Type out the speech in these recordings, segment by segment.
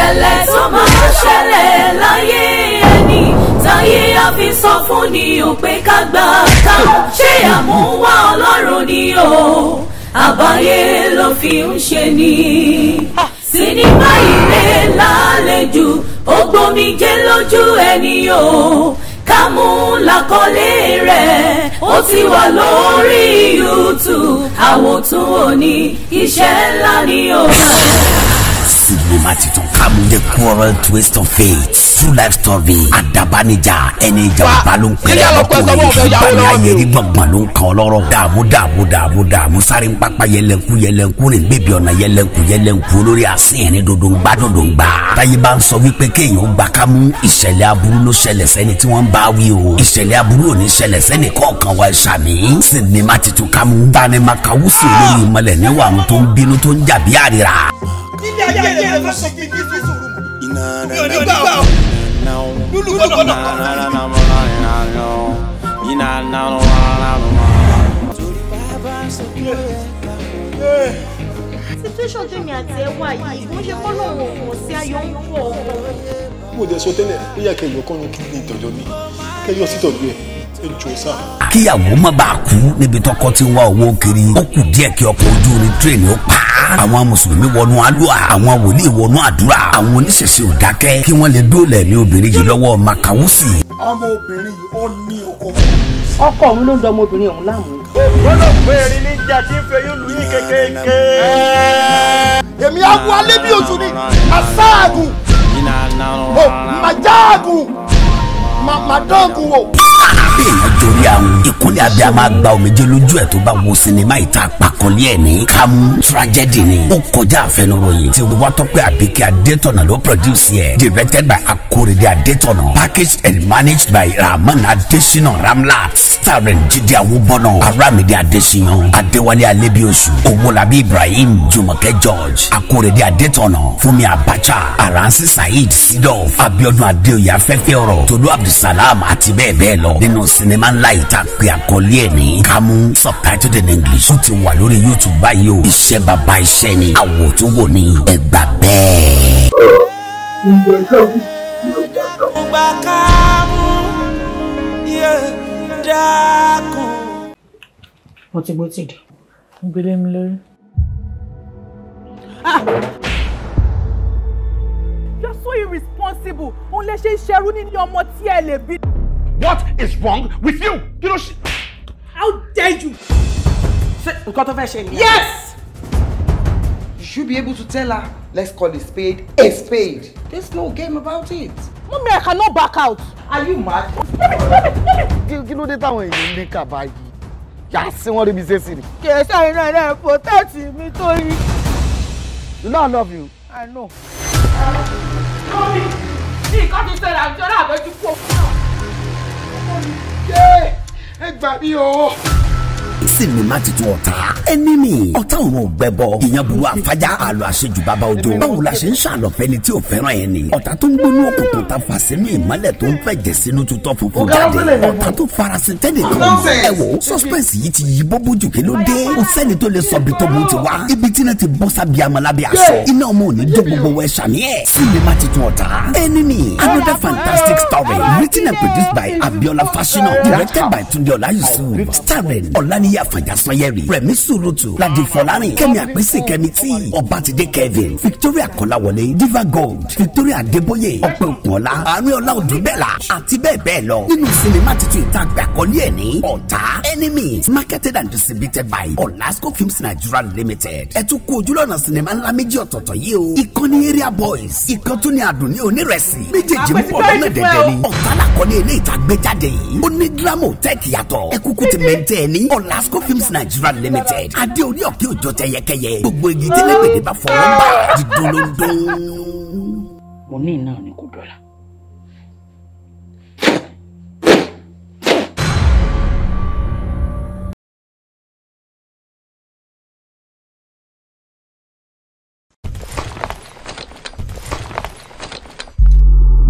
ìṣẹ̀lẹ̀ tó máa ṣẹlẹ̀ láyé ẹni táyé á fi sọ fún ni ò pé ká gbà ká ṣé àmúwá ọlọ́run ni o àbáyé ló fi ń ṣe ni. sinimá ire lálejò ó gbomijé lójú ẹni o kámú làkọlé rẹ̀ ó ti wà lórí YouTube àwòtún òní iṣẹ́ ńlá ni ó máa sinimá titun kàmú the cruel twist of fate true life story àdàbánijà ẹni ìjàmbá ló ń pẹ̀lẹ́ ọkùnrin ìbáni ayẹri gbọ̀ngbọ̀n ló ń kan ọlọ́rọ̀ dààmú dààmú dààmú dààmú sáré pápá yẹlẹ̀nkú yẹlẹ̀nkú rìn bèbí ọ̀nà yẹlẹ̀nkú yẹlẹ̀nkú olórí àsìnyẹn ní dodo ń gbá dodo ń gbá táyé bá ń sọ wípé kéèyàn gba kámú ìṣẹ̀lẹ̀ aburú ló ṣẹlẹ̀ sẹ́ni tí wọ́n bá wí o ìṣẹ̀lẹ̀ aburú ò ní ṣẹlẹ̀ sẹ́ni kọ̀ọ̀kan wa ṣàmì sinimá titun kámú tani makawusi olórí ìmọ̀lẹ̀ níwà àwọn tó ń bínú tó ń jàbí àríra nílé ayé rẹ̀ ló sọ pé ní fi sùúrù mọ́. iná rẹ̀ ní gbà ó lulu gbọdọ̀ kọ́. situation tèmi àti ẹ yìí mo ṣe kọ́ lóun ọ̀pọ̀ sí ayọ̀ ń pọ̀ ọ̀pọ̀. mo dẹ̀ sọ tẹ́lẹ̀ ó yà kọ́ni kí ni ìtọ́jọ́ mi kẹyọ̀ sí tọ́jú ẹ̀ kíyàwó má bàa kú níbi tọkọ ti ń wá owó kiri ó kù díẹ̀ kí ọkọ̀ ojú orin tírèènì ó pa àwọn mùsùlùmí wọnú àdúrà àwọn wòlíì wọnú àdúrà àwọn oníṣẹ̀ṣe ò dákẹ́ kí wọ́n lè dóòlà ẹ̀mí obìnrin yìí lọ́wọ́ makawusi. ọmọ ó ní ọkọ ọkọ òun ló ń dọ ọmọbìnrin òun láàmú. gbọ́dọ̀ pé erin ní ìjà tí ń fẹ́ yóò lù yín kékeré. èmi á alẹ́ bí oṣù ni màsáàgùn màjáàgùn màdọ́gùn béèyàn jórí àwọn ìkúnlẹ̀ abẹ́ a máa gba omijé lójú ẹ̀ tó bá wo sinimá ìta àpàkọ́lé ẹ̀ ní Kámú tragedy ni ó kọjá àfẹnuròyìn tí wọ́n tọ́pẹ́ Àbíkẹ́ Adétọ̀nà ló produce ẹ̀ directed by Akorede Adétọ̀nà packaged and managed by Rahman Adesina Ramlat starring Jídé Awúbọ́nà Aramide Adesiyan Adéwálé Alébíoṣù Owólabí Ibrahim Jùmọ̀kẹ́ George Akorede Adétọ̀nà Fúnmi Abacha Aransi Saheed Sidof Abiodun Adeoye afẹ́fẹ́ ọ̀rọ̀ Tolú Abdulsalam àti bẹ́ẹ̀ bẹ́ẹ̀ lọ sọ̀rọ̀ nínú sinimá ńlá ìta pé àkọlé ẹ̀ ní Kamu subtitled in English ó ti wà lórí YouTube báyìí o iṣẹ́ bàbá iṣẹ́ ni àwò tó wò ní ẹgbà bẹ́ẹ̀. Ìgbà Kamu yé dákun. Mo ti gbó ti mi lórí. Ah! You're so irresponsible. Unless lè ṣe iṣẹ́ rú nínú ọmọ What is wrong with you? You know she. How dare you? Ṣé nǹkan tó fẹ́ ṣe nìyẹn? Yes! You should be able to tell her, let's call a spade a spade. There's no game about it. Mummy, I cannot back out. Are you mad? Kí You dé táwọn èèyàn ní kàbá yìí? Yà sí wọn débi ṣe sí ni. Kèsà iná rẹ̀ protect mi tó yí. You know I love you. I know. Mummy, ní ìkọ́ni sẹ́ra àjọ náà àbẹ́jú kú òkú náà ẹ hey, baby, oh sinimá titun ọ̀tá ẹni mi ọ̀tá òun ò gbẹ́bọ ìyẹn burú àfájá àlọ́ àṣejù bàbá ojo báwo la ṣe ń ṣàlọ́ fẹ́ni tí ò fẹ́ràn yẹn ni ọ̀tá tó ń gbónú òkùnkùn ta fà sínú ìmọ́lẹ̀ tó ń fẹ̀jẹ̀ sínú tutọ́ funfun jáde ọ̀tá tó farasin tẹ́lẹ̀ kan ẹ wò suspense yìí ti yí bóbó jù kí ló dé kò sẹ́ni tó lè sọ bí tóbu ti wá ibi tí náà ti bọ́ sábì amọ̀lábì aṣọ iná ọmọ òní jó gbogbo wẹ̀ sàmì another fantastic story written and produced by Abiola Fasina directed by Tunde Olayisu starring Olani olórí àfàjà sanyẹri rẹmi surutu ladi fọlárin kẹmi àpèsè kẹmi tí ọbatide kevin victoria kọláwọlé diva gold victoria Deboye. ọpẹ òkùnọlá àárín ọlá òdùbẹ́là àti bẹ́ẹ̀ bẹ́ẹ̀ lọ nínú sinimá titun ìta àgbà kọ́lé ní ọ̀tá enemies marketed and distributed by olasco films nigeria limited ẹ̀ tún kú ojúlọ́nà sinimá ńlá méjì ọ̀tọ̀ọ̀tọ̀ yìí o ìkànnì area boys ìkàntúni àdùn ní onírẹ̀sì méjèèjì mú ọ̀dọ́ náà dẹ̀dẹ̀ ni ọ̀tá làkọ́lé ilé ìtàgbéjáde yìí ó ní dírámù tẹ́ẹ̀kì yàtọ̀ ẹ̀kúkú Lasco Films Nigeria Limited adé orí òkè òjò tẹ yẹkẹyẹ gbogbo igi tẹ́lẹ̀ gbèdé bá fọwọ́ bá di dolóńdó. mo ní iná ni kò dọ́là.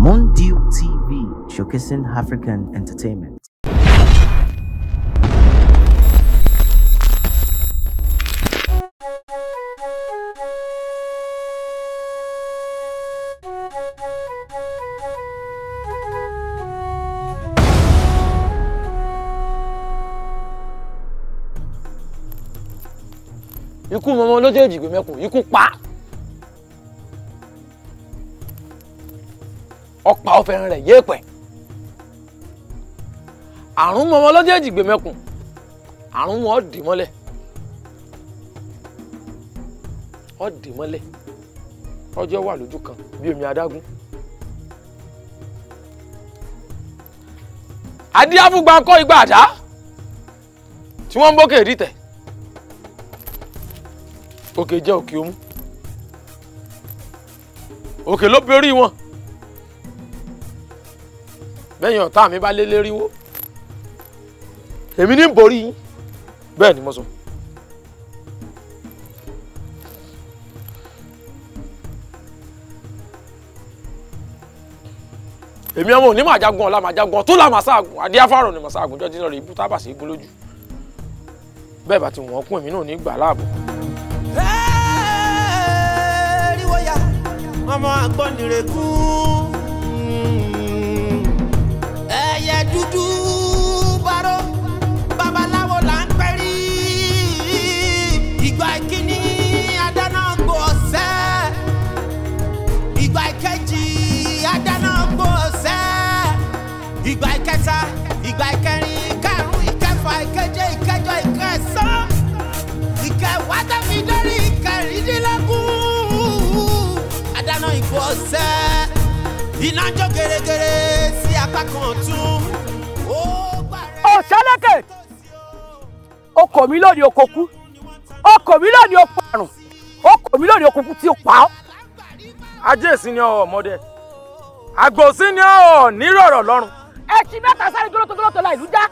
Mondew TV, showcasing African entertainment. ikú mọ́mọ́ lójèèjì gbé mẹ́kùn ikú pa ọ̀pá ọ̀fẹ́rin rẹ̀ yéèpẹ̀ àrùn mọ́mọ́ lójèèjì gbé mẹ́kùn àrùn wọn dì mọ́lẹ̀ ọ dì mọ́lẹ̀ ọjọ́ wà lójú kan bí omi adágún. adíáfúgba kọ́ igbá àdá tí wọ́n ń bókè rí tẹ̀ òkè jẹ́ òkè òmù òkè ló borí wọn bẹ́yìn ọ̀tá mi bá lé léríwó èmi ní borí yín ni mo sọ. èmi ọmọ òní màá jagun ọ̀la màá jagun ọ̀tún làmà sáàgùn adíáfàrọ̀ ni màá sáàgùn jọ́dí náà rè é bú tábà sí gbólójú bẹ́ẹ̀ bá ti wọ́n kún èmi náà ní gbà láàbò. ọmọ àgbọ̀nìrèkú ẹyẹ dúdú báró babaláwo là ń pẹ́ rí ìgbà ìkíní adáná gbò ọ̀sẹ́ ìgbà ìkejì adáná gbò ọ̀sẹ́ ìgbà ìkẹta ìgbà ìkẹrin. ọ̀sẹ̀ iná jó gèrègèrè sí apá kan ọ̀tún. ọ̀sẹ́lẹ̀kẹ̀ ọkọ mi lónìí oko kú ọkọ mi lónìí oko àrùn ọkọ mi lónìí oko kú tí ó pa ọ́. ajé ni ọmọdé àgbòsí ni ọ nírọ̀rọ̀ lọ́rùn. ẹṣin mẹ́ta sáré gólótógólótó la ìlú já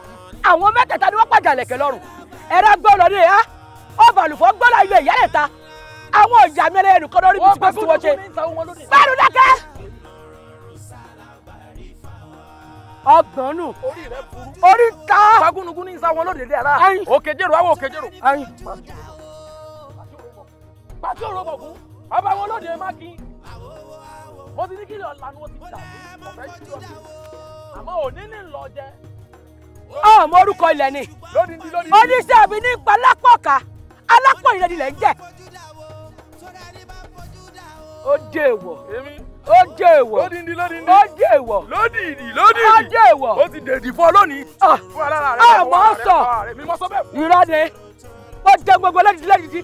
àwọn mẹ́tẹ̀ẹ̀ta ni wọ́n pàjà lẹ̀kẹ̀ lọ́rùn ẹ̀rọ gbọ́ lọ ní ẹ̀ á ọbàlùfọ́ gbọ́ lọ ìyá lẹ́ta àwọn ọjà mẹ́rẹ̀ ẹnìkan lórí mi ti bá tiwọn ṣe bẹ́ẹ̀ ló dákẹ́. ọgbọ̀n nù orí ta. fagunugun ní sáwọn olóde dé ara òkèjèrò àwọn òkèjèrò. pàṣẹ òròbọ̀ fún ọba àwọn olóde má kí mo ti ní kí lọ lanu o ti gbà fún ọ̀fẹ́ sí ọ̀dẹ àmọ́ òní ní lọ jẹ. ọmọ orúkọ ilẹ̀ ni oníṣẹ́ àbí ní palápọ̀ka alápọ̀ ìrẹ́ni ń jẹ́ ó jẹ́ èèwọ̀. èmi ó jẹ́ èèwọ̀. lódìdí lódìdí. ó jẹ́ èèwọ̀. lódìdí lódìdí. ó jẹ́ èèwọ̀. ó ti dèdì fún ọ lónìí. Ah. fún alára rẹ fún alára ah, rẹ mi mọ sọ bẹ́ẹ̀. ìrọ̀lẹ́ mo jẹ gbogbo lẹ́dìdì lẹ́dìdì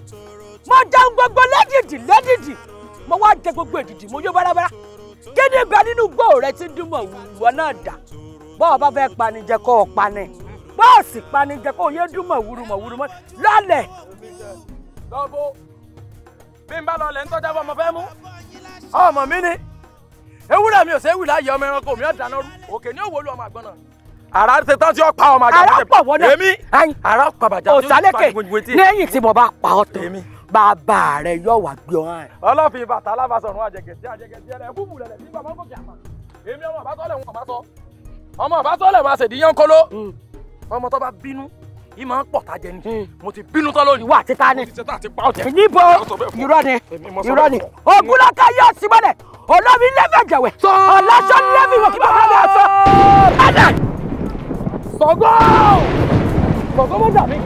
mo jẹ gbogbo lẹ́dìdì lẹ́dìdì mo wá jẹ gbogbo èdìdì mo yó bárabára kí ni ibẹ̀ nínú gbòò rẹ ti dùn mọ̀ ìwọ náà dà bọ́ọ̀ bá fẹ́ panijẹ kó o pani bọ́ọ̀sì panijẹ kó o yé dùn mọ̀ wúrumọ̀ wúrumọ̀ lálẹ́. lọ́bọ̀ bí n bá lọ lẹ́ ń tọ́jà bọ́ ọmọ fẹ́ mú ọmọ mi ni ewúrẹ́ mi ò ṣe é wì láàyè ọmọ ẹranko mi ò dáná rú òkè ní òwò lu ọmọ àgbọn náà ara ṣe tán tí ó pa ọmọ àjàgbọ́n tẹ̀ pọ̀ wọ́dọ̀ èmi ara pa bàjá tó ń pa gbogbo lẹ́yìn tí mo bá pa ọ́ tó bàbá rẹ yóò wá gbé ọ ọlọ́fin bàtà alábàṣọ̀run àjẹgẹ̀dẹ̀ àjẹgẹ̀dẹ̀ rẹ̀ kúkú rẹ̀ ní yìí máa ń pọ̀ tá jẹ ni hmm. mo ti bínú tán lónìí. ìwà àti tani níbo irọ́ ni irọ́ ni ogunlọ́kà yóò sí mọ́lẹ̀ olómi lẹ́fẹ̀ jẹ̀wẹ̀ ọ̀làṣọ lẹ́fẹ̀ kí bá fẹ́ bẹ́ẹ̀ sọ. ẹ̀dà sọ̀gọ́ mo dà mí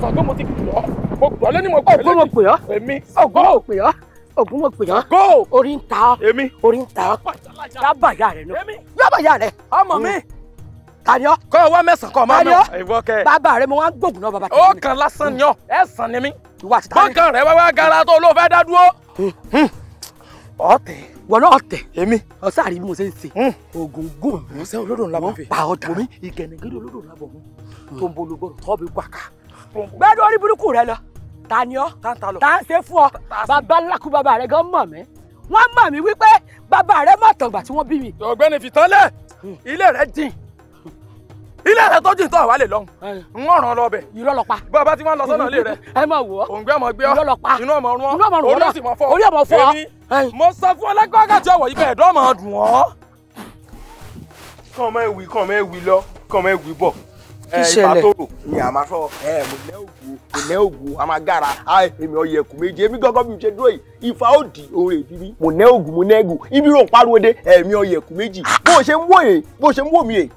sọ̀gọ́ mo ti gbọ́ mo gbọ́ lẹ́ni mo gbọ́ lẹ́ni. ògùn mo pè ọ́ ògùn mo pè ọ́ ògùn mo pè ọ́ orí ń ta orí ń ta lábàyà rẹ̀ lọ lábàyà rẹ̀ ọmọ mi taniọ. kọ́ ọ wá mẹ́sàn-án kọ́ ọ máa nọ. taniọ bàbá rẹ mo wá ń gbógun náà bàbá tèmi. ó kàn lásán ni ọ hmm. ẹ sàn ni mí. ìwà àti tani. bọ́kàn rẹ wáwá gara tó ló fẹ́ dá dúró. Hmm. Hmm. ọ̀tẹ̀. wọn náà ọ̀tẹ̀. èmi. ọ̀sẹ̀ àrí bí mo ṣe ń ṣe. oògùn gùn. mo ṣe olódò ńlá bọ̀ fẹ́. pa ọjà mi ìgẹ̀nẹ̀gẹ̀dẹ̀ olódò ńlá bọ̀ fún. tó ń bolo gbọ́dọ̀ tọ́ bí gbàkà. gbẹ́dọ̀ orí burúkú rẹ lọ. taniọ. tá ń ṣe fún ọ. bàbá ńlá kú bàbá rẹ gan mọ̀ mí. wọ́n mọ̀ mí wípé bàbá rẹ mọ̀ tọ̀gbà tí wọ́n bí mi. ọ̀gbẹ́ni fìtánlẹ̀ ilé rẹ jìn ilé rẹ tó jìn tán àwa lè lọ́hùn ń ọ̀ràn lọ bẹ̀. irọ́ lọ pa. bàbá tí lọ sọ́nà ilé rẹ. òǹgbẹ́ ọmọ gbé ọ. irọ́ inú ọmọ rún ọ. orí ọ̀sìn mọ̀ fọ́. orí ọmọ fọ́. èmi mo sọ fún ọlẹ́gbọ́gà tí ọwọ́ yìí bẹ̀ ẹ̀dọ́ ọmọ dùn ọ́. kàn mọ́ ewì kàn mọ́ ewì lọ kàn mọ́ ewì bọ̀. ìṣẹ̀lẹ̀ ni a máa sọ ẹ mọ̀lẹ́ ògù mọ̀lẹ́ a máa gara èmi ọyẹ ẹ̀kú méje èmi gángan bí mo ṣe dúró yìí ifá ó di oore ìbíbí mọ̀lẹ́ ògù mọ̀lẹ́ ògù ibi rò ń dé èmi ọyẹ ẹ̀kú méjì bó ṣe ń wò mí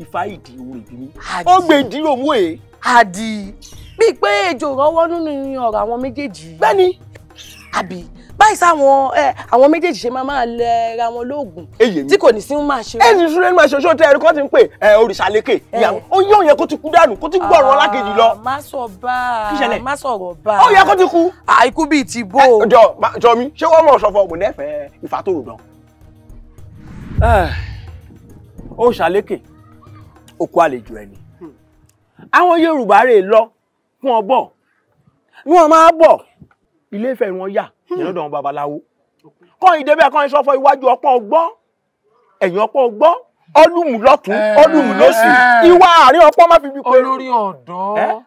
ifá ìdí orí bí mi. ó gbé ìdírò mú èé. E. àdì bíi pé ejò rọwọ́ nínú ọ̀rọ̀ àwọn méjèèjì. bẹ́ẹ̀ni àbí báyìí sáwọn ẹ àwọn méjèèjì ṣe máa máa lẹ ra wọn lóògùn tí kò ní sí máa ṣe. ẹni sún lẹ́nu àṣọ ṣọ́ tẹ ẹ̀rí kan ti ń pè ẹ òrìṣàlékè ìyàwó ó yẹ òun yẹ kó ti kú dànù kó ti gbọ̀rọ̀ lákejì lọ. Ah, má sọ bá má sọ̀rọ̀ bá ó yẹ kó ti kú. àìkú bíi ti bó. jọ jọ mi ṣé wọn mọ sọfọ ògùn nẹfẹẹ ìfà tó rò dán. ó ah, ṣàlékè okó àlejò ẹni hmm. àwọn Yorùbá rè lọ fún ọbọ ní wọn máa bọ ilé Ifẹ̀ wọn yà hmm. ìrọdọ wọn babaláwo kọyìn débẹ kọyìn sọfọ iwájú ọpọ́n ọgbọ́n ẹ̀yìn ọpọ́n ọgbọ́n ọlùmùlọtún eh, ọlùmùlọsì eh. ìwà àárín ọpọ́n má fi bí pé olórí ọ̀dọ́ eh?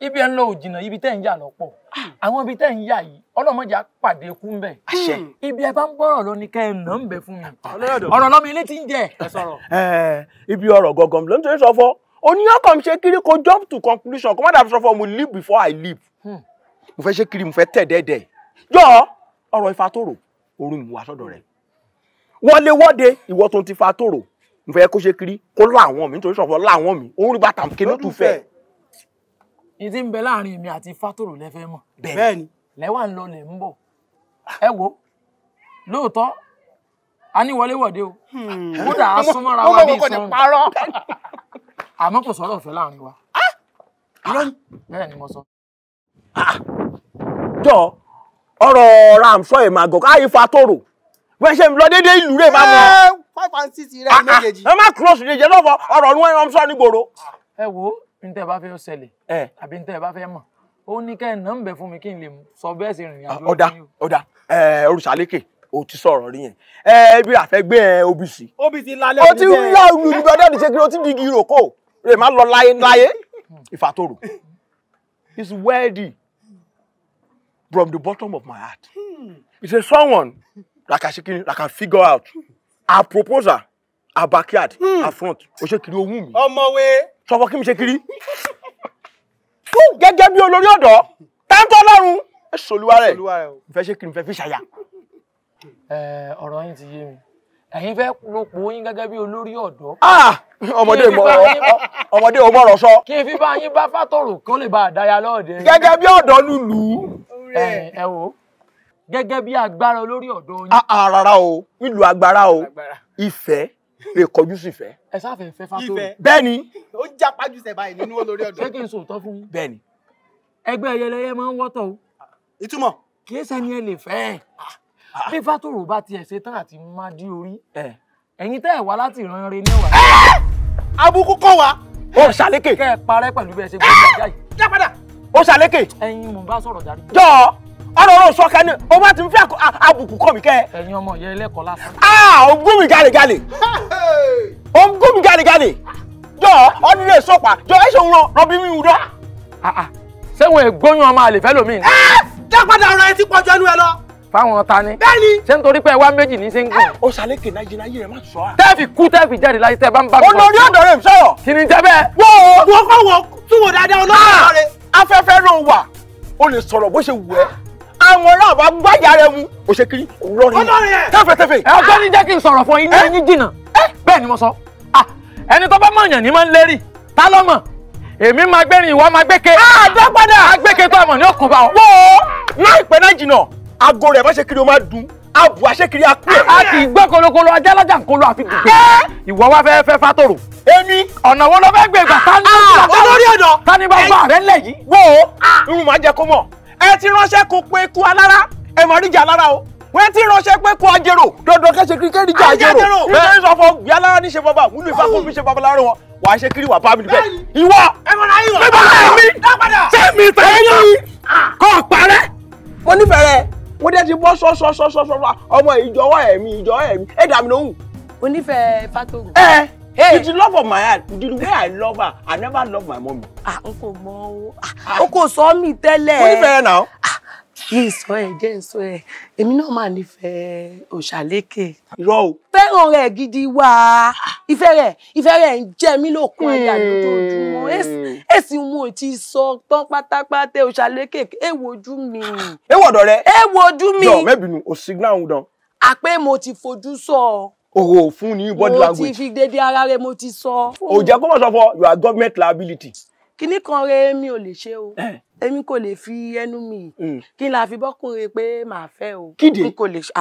ibi ẹ ń lọ òjìnà ibi tẹ́ ń yà lọ́pọ̀ hmm. àwọn ibi tẹ́ ń yà yìí ọlọ́mọdé pàdé kú ń bẹ̀. àṣẹ ibi ẹ bá ń bọ̀rọ̀ lọ ni kẹ́ ẹ nà ń bẹ̀ fún ah, mi. ọ̀rọ̀ lọ́mọ ilé ti ń jẹ. ibi ọ̀rọ̀ gangan ló ń torí sọfọ oníyọkàn ṣe kiri ko jump to conclusion kó má dàbí sọfọ mo live before I live. Hmm. mo fẹ́ ṣe kiri mo fẹ́ tẹ̀ dẹ́dẹ́ jọ ọ̀rọ̀ ifá tòrò orun mi wà sọ́dọ̀ rẹ̀ wọlé wọ́de ìwọ tó ti fa tòrò mo fẹ́ kó ṣe kiri kó láwọn mi nítorí sọfọ láwọn mi òun rí bàtà kí ló tún fẹ́ẹ́ ní ti ń bẹ láàrin èmi àti fátòrò lẹ́fẹ́ mọ̀. bẹ́ẹ̀ ni lẹ́wà ń lọ lẹ̀ ń bọ̀ ẹ wo lóòótọ́ a ní wọléwọ̀de o hmm. kódà a súnmọ́ra wa bí sọ́run àmọ́ kò sọ̀rọ̀ ọ̀fẹ́ láàrin wa ah! bẹ́ẹ̀ ni mo sọ. Ah, ah. jọ ọ̀rọ̀ ramsọ ẹ máa gọ káyé fatòrò bẹ ṣe lọ dédé ìlú rẹ máa mọ. Eh, five and six rẹ méjèèjì. ẹ má kúrò sùn jẹjẹ lọ́wọ́ ọ̀rọ̀ ni wọ́n ń sọ nígboro. ẹ wo ntẹ́ bá fẹ́ ṣẹlẹ̀ àbí ntẹ́ bá fẹ́ mọ̀ ó ní kẹ́ ẹ̀ náà ń bẹ̀ fún mi kí n lè sọ bẹ́ẹ̀ sì rìnrìn àjò ọ̀dà ọ̀dà òrùsàlékè o ti sọ̀rọ̀ rí yẹn ẹ bí àfẹ́gbẹ́ ẹ OBC. OBC lálẹ́ òní bẹ́ẹ̀ o ti ń yá olùdíje ọjọ́ ìdíje kiri o ti ń di igi ìrókò rè má lọ láyé láyé ìfàtòrò is worthy from the bottom of my heart. Hmm. It's a someone that can, shake, that can figure out her proposal, her backyard, hmm. her front. Oṣekiri Owumi. Ọmọwé sọ̀wọ́ kí n ṣe kiri tú gẹ́gẹ́ bí olórí ọ̀dọ́ táńtọ́ lọ́rùn ẹ ṣòlúwa rẹ̀ ìfẹ́ ṣe kiri ìfẹ́ fi ṣàyà. ọ̀rọ̀ yín ti yé mi ẹ̀yin fẹ́ lopò yín gẹ́gẹ́ bí olórí ọ̀dọ́. ọmọdé ọmọdé ò mọ̀rọ̀ sọ. kí n fi bá yín bá fàtọ̀rọ̀ kó lè bá a lọ́ọ̀dẹ. gẹ́gẹ́ bí ọ̀dọ́ lùlù. ẹ wò gẹ́gẹ́ bí agbára olórí ọ̀dọ́ yín. Ah, ah, rárá o nílùú agbára o ìfẹ́ lè kọjú sí ìfẹ́. ẹ sáfẹ́ fẹ́ fatoro. ìfẹ́ bẹ́ẹ̀ ni. ó já pájú sẹ̀ báyìí nínú olórí ọ̀dọ́. ṣé kí n sòótọ́ fún yín. bẹ́ẹ̀ ni. ẹgbẹ́ ẹyẹlẹyẹ máa ń wọ́tọ̀ o. ìtumọ̀. kì í sẹ́ni ẹ lè fẹ́ ẹ. Ah. Ah. bí fatoro bá tiẹ̀ ṣe tán àti má dí orí. ẹ̀yin tẹ́ ẹ̀ wá láti ìran rẹ ní ẹ̀wà. abúkú kọ́ wa. ó ṣàlékè. kẹ́ ẹ parẹ́ pẹ̀lú bí ẹ ṣe gbé ọlọ́run sọ kan ní o bá ti ń fẹ́ àbùkù kọ́ mi kẹ́. ẹ̀yin ọmọ ìyá ẹlẹ́kọ̀ọ́ lásán. a ò gún mi galegale ò ń gún mi galegale jọ ọdún lè sọpà jọ ẹ ṣe ń rọ rọbí mi wúdọ. sẹ́wọ̀n ègbóyún ọmọ àlè fẹ́ lómi. ẹ jẹ́ padà ọ̀rọ̀ ẹ ti pọ̀jọ́ ẹnu ẹ lọ. fáwọn ta ni. bẹ́ẹ̀ni. ṣé nítorí pé ẹ wá méjì ní sínkù. ó ṣàlékè náírà yìí rẹ má sọ á. tẹ́ẹ̀fì kú tẹ́ẹ̀fì jáde láyé tẹ́ẹ̀ bá ń bá mi. olórí ọ̀dọ̀ rẹ̀ sọ̀rọ̀. kì ní jẹ́ bẹ́ẹ̀. wọ́ọ̀ wọ́ọ̀ kọ́ wọ́ọ̀ tún wò dáadáa ah! rẹ̀. sọ̀rọ̀ bó àwọn ará àwa gbáyà rẹ mu. o ṣe kiri olórin ẹ tẹfẹtẹfẹ. ẹ ọjọ́ ní jẹ́ kí n sọ̀rọ̀ fún yín ní ẹyin jìnnà bẹ́ẹ̀ ni mo sọ ẹni tó bá mọ̀yàn ní máa ń lérí ta ló mọ̀ èmi máa gbẹ́rin ìwọ máa gbẹ́kẹ́. àdá padà agbẹ́kẹ́ tó àmọ̀ ní ọkàn bá ọ. wò ó láìpẹ́ náà jìnnà aago rẹ̀ máa ṣe kiri o máa dùn abù aṣẹ́kiri apú ẹ̀. a kì í gbọ́ kolokolo ajá lọ́jà nkolo àfi gègé. ìwọ wa fẹ́ẹ́ fẹ́ fátòrò. èmi. ọ̀nà wo ló fẹ́ gbé ìgbà tani. olórí ọ̀dọ́. tani bá bá rẹ lẹ̀ wo irun máa jẹ kó mọ̀ ẹ ti ránṣẹ́ kó pé kú alára ẹ mọ̀ ríjà alára o wọ́n ti ránṣẹ́ pé kó ajérò dandan kẹ́sẹ̀ kiri kẹ́rì jà ajérò bẹ́ẹ̀ sọ fọ bí alára ní ṣe bàbá wúlò ìfà kó fi ṣe bàbá lára wọn wà á ṣe kiri wà bá mi bẹ́ẹ̀ ìwọ bẹ́ẹ̀ bá mi sẹ́mi tẹ̀yìn kọ́ parẹ́. mo nífẹ̀ẹ́ rẹ mo dẹ́ ti bọ́ sọ́sọ́sọ́sọ́ ọmọ ìjọwọ́ ẹ̀mí ìjọwọ́ ẹ̀mí ẹ̀dá mi lóhùn. onífẹ̀ẹ́ fatogun. ẹ Hey. Eh. With the love of my heart, with the way I love her, I never love my mommy. Ah, uncle kò mọ̀ o. Ah, ah, o kò sọ mí tẹ́lẹ̀. Mo nífẹ̀ẹ́ náà. Ah, mi sọ ẹ̀ jẹ́ sọ ẹ̀. Èmi náà máa nífẹ̀ẹ́ Òṣàlékè. Irọ́ o. Fẹ́ràn rẹ̀ gidi wa. Ah. Ìfẹ́ rẹ̀ ìfẹ́ rẹ̀ ń jẹ mí lókun ẹ̀yà hmm. lójoojúmọ́. Èsì mo ti sọ tán pátápátá Òṣàlékè èwo ojú mi. Èwo ọ̀dọ̀ re. Èwo ojú mi. Jọ̀ mẹ́bìnú, òsì náà ń dán. Àpé mo ti fojú So òwò fún ní body language. mo ti fi dédé ara rẹ mo ti sọ. o jẹ kó mọ̀ sọ fọ you are government liability. kíní kan rẹ mi ò lè ṣe o eh. èmi kò lè fi ẹnu mi hmm. kí n la fi bọ́kùnrin pé màá fẹ́ o kíde n kò lè ṣe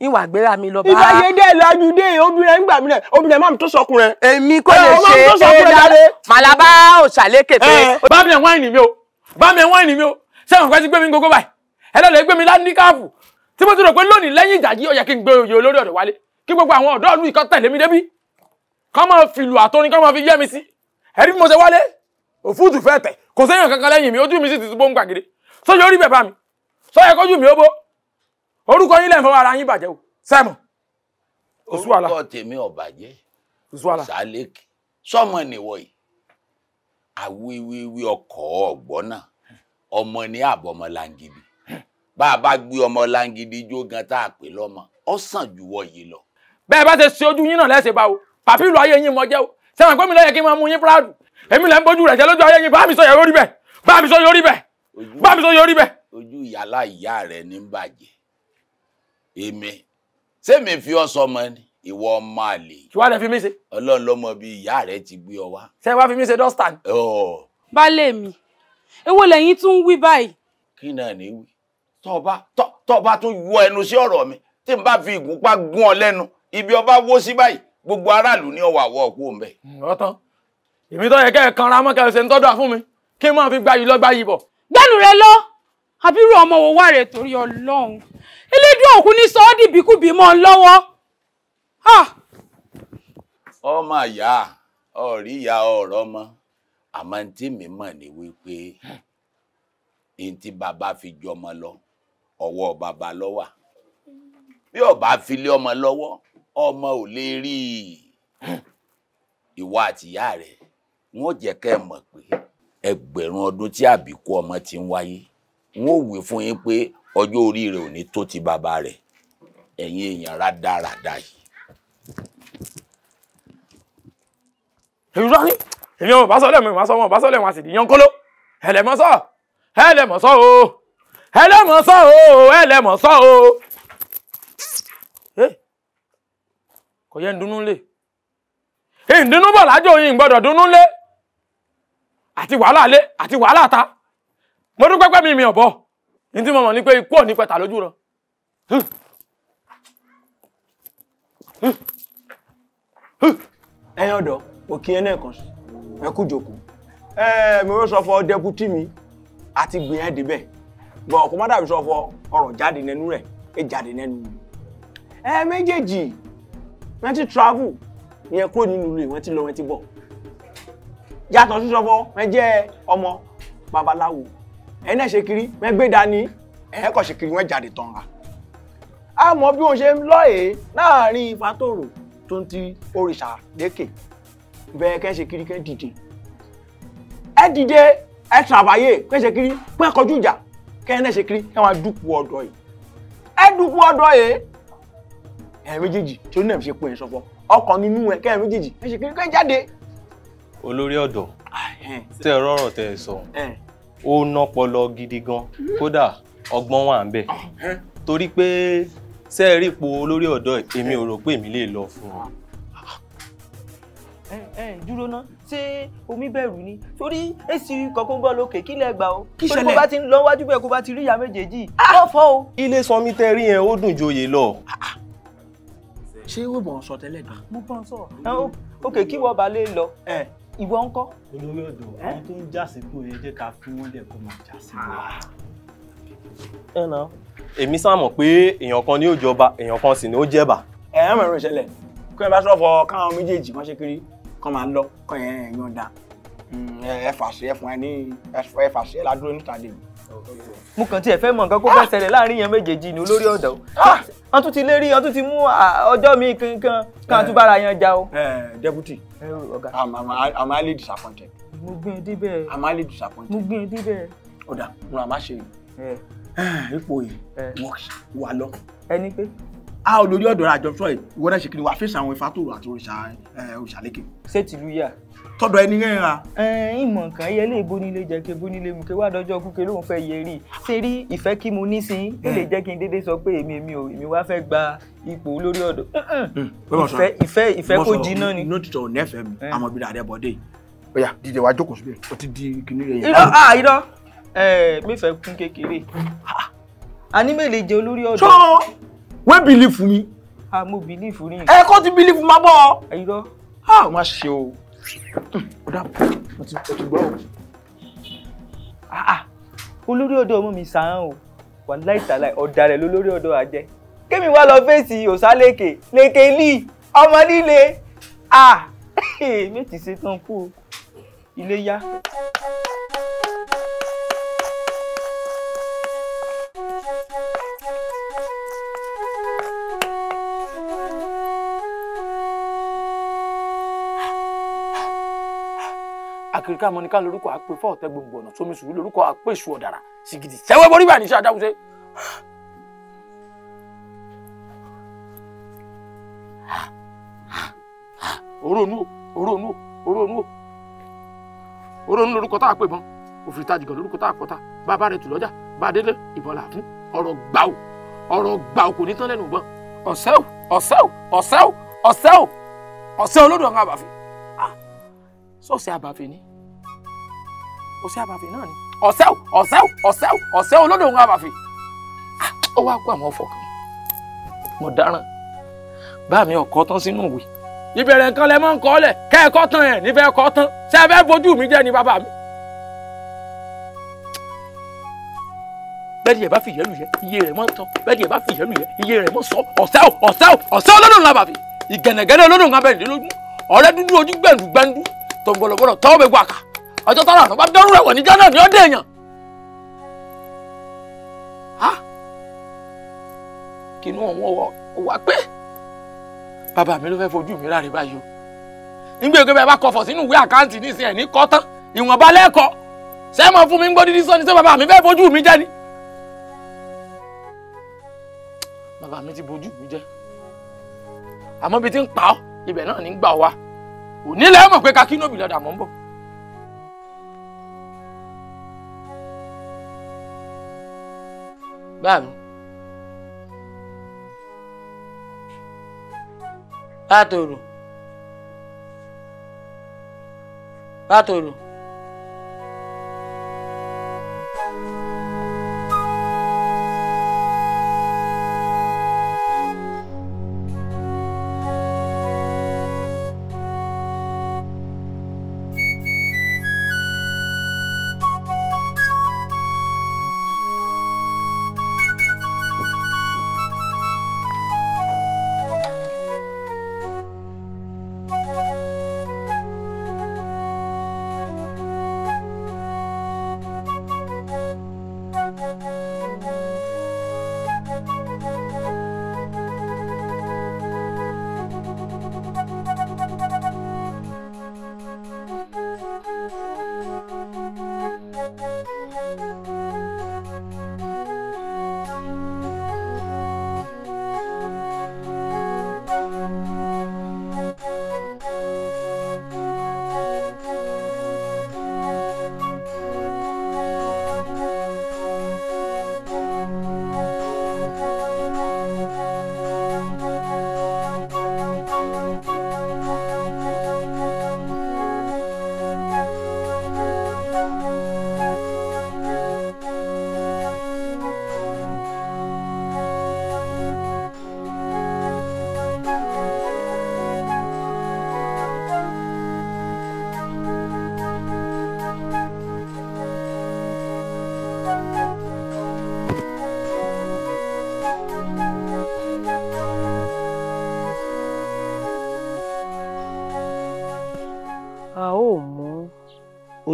ìwà àgbéra mi lọ bá. ìbáyé dé lajú dé obìnrin gbà mí rẹ obìnrin máa tó sọkùnrin. èmi kò lè eh, ṣe é dáre màlábá òṣàlékè pé. Eh, bá mi wọ́n ìní mi o bá mi wọ́n ìní mi o sẹ́wọ̀n kan ti gbé mi gógó báyìí ẹlẹ́lẹ́ gbé mi láńdíkáàfù tí mo ti rò pé lónìí lẹ́yìn ìjà yìí ó yẹ kí n gbé oyè olórí ọ̀dọ̀ wálé kí gbogbo àwọn ọ̀dọ́ ìlú ìkan tẹ̀lé mi débí kán máa fi lù àtọrin kán máa fi yẹ́ mi sí ẹ̀rí bí mo ṣe wálé òfúùtù fẹ́ tẹ̀ kò séèyàn kankan lẹ́yìn mi ojú mi sì ti ti bó ń gbàgede sóyè orí bẹ̀ bá mi sóyè kójú mi ó bó orúkọ yín lẹ́yìn fọwọ́ ara yín bàjẹ́ o sẹ́mu òṣùwàlà orúkọ tèmi ọ̀bàjẹ́ òṣàlẹ́kì sọmọ nìwọ yìí àwíwíwí ọkọ̀ ọ̀gbọ́n náà ọmọ ní àbọ̀mọ langidi bá a bá gbé ọmọ langidi jó gan tá a pè lọ́mọ ó sàn ju wọ yìí lọ bẹ́ẹ̀ bá ṣe ṣe ojú yín náà lẹ́sẹ̀ bá o pàpí ìlú ayé yín mọ jẹ́ o sẹ́wọ̀n pé mi lọ́yẹ̀ kí n máa mú yín fúráàdù èmi lẹ́ ń bójú rẹ̀ jẹ́ lójú ayé yín bá mi sọ yẹn orí bẹ̀ bá mi sọ yẹn orí bẹ̀ bá mi sọ yẹn orí bẹ̀. ojú ìyálà ìyá rẹ ní bàjẹ́ èmi sẹ́mi fi ọ sọmọ ni ìwọ ọmọ àlè. kí wàá lè fi mí ṣe. ọlọ́run lọ́mọ bíi ìyá rẹ ti gbé ọ wá. ṣé wàá fi mí ṣe dọ́stà ni. mi èwo lẹ́yìn tún ń wí báyìí. kí náà ní wí tọ́ọ̀bá tọ́ọ̀bá tún yọ ẹnu sí ọ̀rọ̀ mi tí n bá fi ìgúnpá gún ọ lẹ́nu ibi ọba wó sí báyìí gbogbo aráàlú ní ọwọ́ àwọ̀ ọ̀pọ̀ ń bẹ̀. ọ̀tán èmi tó yẹ kẹ́ ẹ̀ kan ra mọ́kẹ́ ọ̀sẹ̀ ń tọ́dọ̀ fún mi kí n máa fi gbayì lọ gbayì bọ̀. gbẹ́nu rẹ lọ àbírú ọmọ wo wà rẹ torí ọlọ́run elédùn òkú ní sọ ọ́ mọ́ ọ lọ́wọ́. ọmọ àyà ọ̀rí ìyá ọ̀rọ̀ mọ́ àmọ́ tí mi mọ̀ ni wípé ní tí bàbá fi jọmọ lọ ọwọ́ bàbá ló bí ọba fi lé ọmọ lọ́wọ́ ọmọ ò lè rí i ìwọ àtìyá rẹ wọn ò jẹ kẹ ẹ mọ̀ pé ẹgbẹ̀rún ọdún tí àbíkú ọmọ ti ń wáyé wọn ò wí fún yín pé ọjọ́ orí rẹ ò ní tó ti bàbá rẹ ẹ̀yin èèyàn rádaràda yìí. èyí rárá èmi ò bá sọlẹ̀ mi ò sọ wọn ò bá sọlẹ̀ wọn àti ìdíyàn kóló ẹlẹ́mọ̀sọ́ ẹlẹ́mọ̀sọ́ o ẹlẹ́mọ̀sọ́ o ẹlẹ́mọ̀sọ́ o. kò yẹ ń dunú lé ìdùnnú bọ̀ lájọ yìí gbọ́dọ̀ dunú lé àti wàhálà lé àti wàhálà ta mo dúpẹ́ pẹ́ mi mi ní tí mo mọ̀ ní pé ikú ò ní lójú rọ. ẹ̀yin ọ̀dọ́ mo kí ẹ mi ò sọ fọ mi àti gbìyànjú débẹ̀ bọ̀ ọ̀kọ́ sọ fọ jáde nẹnu rẹ̀ jáde nẹnu wọ́n ti travel ìyẹn kúrò nínú ìlú wọ́n ti lọ wọ́n ti bọ̀ yàtọ̀ sí sọ́fọ́ wọ́n jẹ́ ọmọ babaláwo ẹ̀yin náà ṣe kiri wọ́n gbé dání ẹ̀yẹ́ kọ̀ ṣe kiri wọ́n jáde tán ra àmọ́ bí wọ́n ṣe ń lọ èé láàrin ìfàtòrò tó ń ti òrìṣà lékè bẹ́ẹ̀ kẹ́ ṣe kiri kẹ́ dìde ẹ dìde ẹ tàbáyé kẹ́ ṣe kiri pẹ́ kọjú ìjà kẹ́ ẹ náà ṣe kiri kẹ́ wọ́n á dúpọ̀ ọ̀dọ́ yìí ẹ dúpọ̀ ọ̀dọ́ yìí ẹ̀yin méjèèjì tí ó náà ṣe pé ẹ̀ sọ fún ọkàn nínú ẹ̀ kẹ́yìn méjèèjì ẹ̀ ṣe kékeré jáde. olórí ọ̀dọ́ tẹ ẹ rọrọ tẹ ẹ sọ ó nọpọlọ gidi gan mm-hmm. kódà ọgbọ́n wà ń bẹ torí pé ṣe é rí ipò olórí ọ̀dọ́ èmi ò rò pé èmi lè lọ fún un. ẹ ẹ dúró ná ṣé omi bẹ̀rù ni torí èsì kọ̀ọ̀kan bọ́ lókè kí lẹ gbà o kí ṣẹlẹ̀ bá ti ń lọ wájú bẹ́ẹ̀ kó bá ti rí ìyá méjèèjì ah! wọ́n ilé sanmi tẹ rí yẹn ó dùn joyè lọ ah, ah ṣé ó bọ̀ ń sọ tẹ́lẹ̀ ni. mo bọ̀ ń sọ ok kí wọ́n ba lè lọ ìwọ ń kọ́. olórí ọ̀dọ́ àwọn tó ń já sípò yẹn jẹ́ ká fún wọn lẹ̀ kó máa já sí wa. Ah. ẹ nà èmi sá mọ̀ pé èèyàn kan ni ó jọba èèyàn kan sì ni ó jẹ̀bà. ẹ ẹ mọ̀ ẹ̀rọ ìṣẹ̀lẹ̀ kí wọ́n bá sọ̀fọ̀ káwọn méjèèjì kan ṣe kiri kan máa lọ kan yẹn yàn mm, dá ẹ fún ẹ ní ẹ fàṣẹ ládùúró níta dèbò mo kàn tiẹ̀ fẹ́ mọ̀ nǹkan kó fẹ́ ah! ṣẹlẹ̀ láàrin yẹn méjèèjì ni olórí ọ̀dọ́ ah! ah! wọn tún ti lérí wọn tún ti mú ọjọ́ mi kankan kan tún bára yẹn já o. Eh, eh, deputy eh, i'm highly disappointed. mo gbé e débẹ̀. i'm highly disappointed. mo gbé e débẹ̀. ọ̀dà mo ràn má ṣe ipò yìí wà lọ. ẹni pé a olórí ọ̀dọ́ àjọṣọ́ yìí ìwọ́n náà ṣe kí ni wàá fèsì àwọn ifá tó rà àti òrìṣà òrìṣà lékè. ṣé tìlú yà tọdọ ẹni rẹ ra. ẹ ìmọ̀ nǹkan yẹ lè bónílé jẹ́ kí bónílé mu kí wàá dọ́jọ́ kú lóun fẹ́ yẹ rí i rí ìfẹ́ kí mo ní sí ló lè jẹ́ kí n dédé sọ pé èmi èmi ò èmi wá fẹ́ gba ipò olórí ọ̀dọ́. Mm. ìfẹ́ ìfẹ́ ìfẹ́ kò jiná ni. inú títọ̀ ní ẹ̀fẹ̀ mi àmọ́ bí dàdé bọ́dé ọ̀yà dìde wàá jókòó síbẹ̀ o ti di kinní rẹ̀ yẹn. irọ́ ah irọ́ mẹ́fẹ̀ẹ́ kún kékeré anímẹ̀lẹ̀ jẹ́ olórí ọ̀dọ́. sọ wẹ́ẹ́ bìlífù mi. ah mo bìlífù rí. ẹ kó ti bìlífù máa bọ̀. irọ́ ah wọ́n á ṣe o. Ah, ah. olórí ọ̀dọ́ mú mi sàn o wà láìtàláì ọ̀dàrẹ̀ lólórí ọ̀dọ́ àjẹ́ kémi wá lọ fèsì òsálèkè lèkè lì ọmọ líle ah méjì ṣetán kú ilé yá. káàkiri káàmọ́ ni ká lórúkọ àpè fọ́ọ̀tẹ́ gbogbo ọ̀nà sómi sùúrù lórúkọ àpè èṣù ọ̀dàrà sìgìdì sẹ́wẹ́ borí bá ní sọ adáwùsẹ́. òrónú òrónú òrónú òrónú lórúkọ tá a pè mọ́ òfìrìtà jùgọ̀ lórúkọ tá a kọ́ta bàbá rẹ̀ tù lọ́jà bá a délé ìbọn là fún ọ̀rọ̀ gbàù ọ̀rọ̀ gbàù kò ní tán lẹ́nu ìbọn ọ̀sẹ́ ò ọ̀sẹ́ ò ọ̀sẹ́ olódò ọ̀hún àbàfin ah, sọ́ọ̀sì àbàfin ni ọ̀sẹ̀ àbàfẹ́ náà ni ọ̀sẹ̀ ọ̀sẹ̀ ọ̀sẹ̀ ọ̀sẹ̀ olódò ń àbàfẹ́ ah, ó wá kó àwọn ọ̀fọ̀ kan mo dáràn bá mi ọkọ tán sínú ìwé ìbẹ̀rẹ̀ nǹkan lẹ máa ń kọ́ lẹ̀ kẹ́ẹ̀kọ́ tán ẹ̀ nífẹ̀ẹ́ kọ́ tán ṣé ẹ fẹ́ bójú mi jẹ́ ni bàbá mi. bẹ́ẹ̀ni ẹ̀ bá fi ìyẹ́lu yẹ iye rẹ̀ mọ́ tọ́ bẹ́ẹ̀ni ẹ̀ bá fi ìyẹ́lu yẹ iye rẹ̀ mọ́ sọ ọ̀sẹ́ ò ọ̀sẹ́ ò ọ̀sẹ́ olódùn la bàbí ìgẹ̀nẹ̀gẹ̀nẹ̀ olódùn kan bẹ̀rẹ̀ lógún ọ̀rẹ́ dúdú ojú gbẹ̀ndú gbẹ̀ndú tọ̀gbọ̀lọ̀gbọ̀lọ̀ tọ́wọ́ bẹ gbọ́ àká ọjọ́ tọ́lá àtọ́ bá dọ́rùn rẹ̀ wọ̀ níjọ́ náà ni ó dé èèyàn. kínú ọ̀hún ọwọ́ pé bàbá mi ló fẹ́ fojú mi ráre báyìí o nígbà èké bẹ́ẹ̀ bá kọfọ̀ sínú ìwé àkáǹtì ní ìsìn ẹ̀ ní kọ́ tán ìwọ̀nba lẹ́ẹ̀kọ́ sẹ́mọ̀ fún mi ń gbọ́ dídí sọ́ni sẹ́ bàbá mi fẹ́ fojú mi jẹ́ ni. bàbá mi ti bojú mi jẹ́ àmọ́ bí ti ń pa ọ́ ibẹ̀ náà ní gbà wá òní lẹ́yìn pé kakínóbì lọ́dà mọ́ ń bọ̀. Bam, mí. bá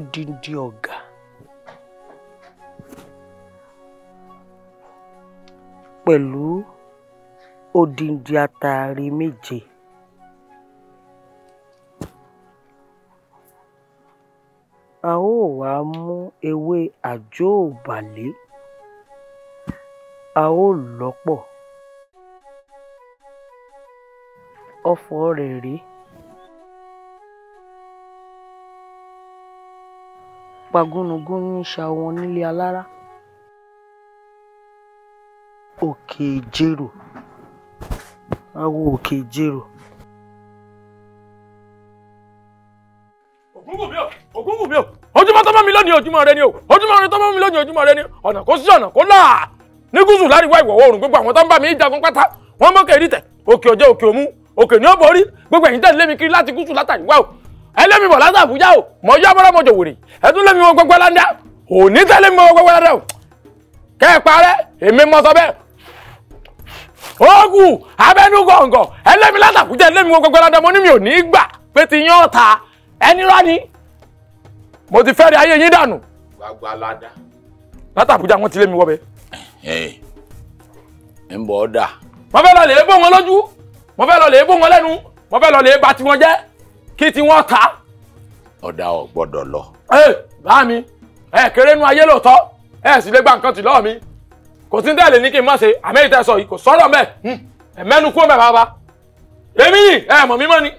odindi ọ̀gá pẹ̀lú odindi àtàrí méje. a ó wá mú ewé àjóòbàlẹ̀ a ó lọ́pọ̀ ọ̀fọ̀ rẹ̀ rèé pa gúnugún ní ìṣà wọn nílé alára òkè ìjérò awo òkè ìjérò. ògúngùnmí o ògúngùnmí o ojúmọ́ tó mọ́ mi lónìí ojúmọ́ rẹ ni o ojúmọ́ rẹ tó mọ́ mi lónìí ojúmọ́ rẹ ni ọ̀nà kó sí ọ̀nà kó là ní gúúsù láríwá ìwọ̀ oòrùn gbogbo àwọn tó ń bá mi jagun pátá wọ́n mọ́kẹ́ rí tẹ̀ òkè ọjọ́ òkè òmu òkè ní ó borí gbogbo ẹ̀yin tẹ̀ lé mi kiri láti gúúsù látàríwá o ẹlẹ́mi bọ̀ láti àbújá o mọ yá mọ́ra mọ́jọ wèrè ẹtún lẹ́mi wọn gbẹgbẹ́ ládá òní tẹ́lẹ̀ mi wọn gbẹgbẹ́ ládá o kẹ́ ẹ parẹ́ èmi mọ sọ bẹ́ẹ̀ oògùn abẹ́nú gọ̀ǹgọ̀ ẹlẹ́mi láti àbújá ẹlẹ́mi wọn gbẹgbẹ́ ládá mo ní mi ò ní í gbà pé ti yán ọ̀tá ẹni rání mo ti fẹ́ rí ayé yín dànù. gbàgbà ládá. láti àbújá wọn ti lé mi wọ bẹ kí tí wọ́n ta. ọ̀dà ò gbọ́dọ̀ lọ. ẹ bá mi ẹ kéré nu ayé lóòótọ́ ẹ sì lè gba nǹkan tì lọ́ọ̀ mi kò sí ní tẹ̀lé ní kí n má ṣe àmẹ́yìí tẹ́ sọ yìí kò sọ̀rọ̀ mẹ́ hmm. ẹ mẹ́nu kú mẹ́ bàbá èmi yìí ẹ mọ̀ mí ni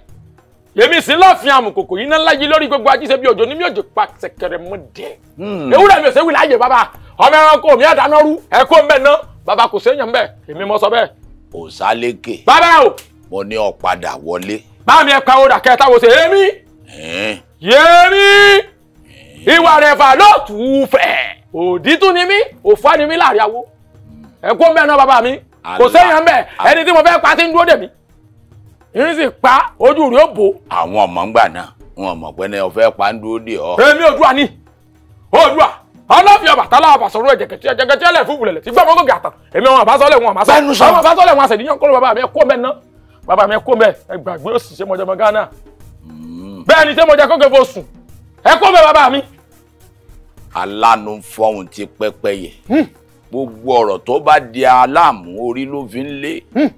èmi sì láàfin àmùkòkò yìí náà láyé lórí gbogbo ajíṣe bí òjò ní mi òjò pa ṣẹ̀kẹ̀rẹ̀ mọ́ dẹ̀ hmm. ewúrẹ́ mi ò sẹ́wìlì ààyè bàbá ọmọ ẹranko mi àdáná rú ẹ kó ń bẹ̀ ná bàbá kò séèyàn bẹ́ẹ̀ èmi mọ sọ bẹ́ẹ̀. òsálẹ́kẹ̀. bàbá o. mo ní ó wọlé bá mi ẹ pa ọ̀dà kẹta wo ṣe èmi yémi ìwà rẹ̀ fà lọ́ọ̀tù fẹ̀ òdì tún ni mí òfò ni mí láàrin awo hmm. ẹ kó ń bẹ́ẹ̀ náà bàbá mi kò sẹ́yìn ń bẹ̀ ẹni tí mo fẹ́ pa ti ń dúró dè mí irin sì pa ojú rẹ̀ ó bò. àwọn ọmọ ń gbà náà wọn mọ̀ pé ní ọ̀fẹ́ pa ń dúró dè ọ́. èmi òdùà ni òdùà ọlọ́fin Ọbàtálá àbàsọ̀rọ̀ ẹ̀jẹ̀kẹ̀tì ẹ̀jẹ̀kẹ̀tì ẹlẹ́fúnbùlẹ̀lẹ̀ tí gbọ́mọ́gògì àtàn èmi ọmọ àbásọ́lẹ̀ wọn àmásọ́lẹ̀ wọn àbásọ́lẹ̀ wọn àṣẹ̀díyàn kọ́lọ́ bàbá mi ẹ kó mẹ́ná bàbá mi kó bẹ́ẹ̀ ẹ gbàgbé òsì ṣe mọ̀jọ̀mọ̀ Ghana hmm. bẹ́ẹ̀ ni ṣé mo jẹ kókè fò sùn ẹ kó bẹ́ẹ̀ bàbá mi. alánú fọhùn ti pẹ́pẹ́yẹ hmm. gbogbo ọ̀rọ̀ tó bá di aláàmú orí ló fi ń lé hmm.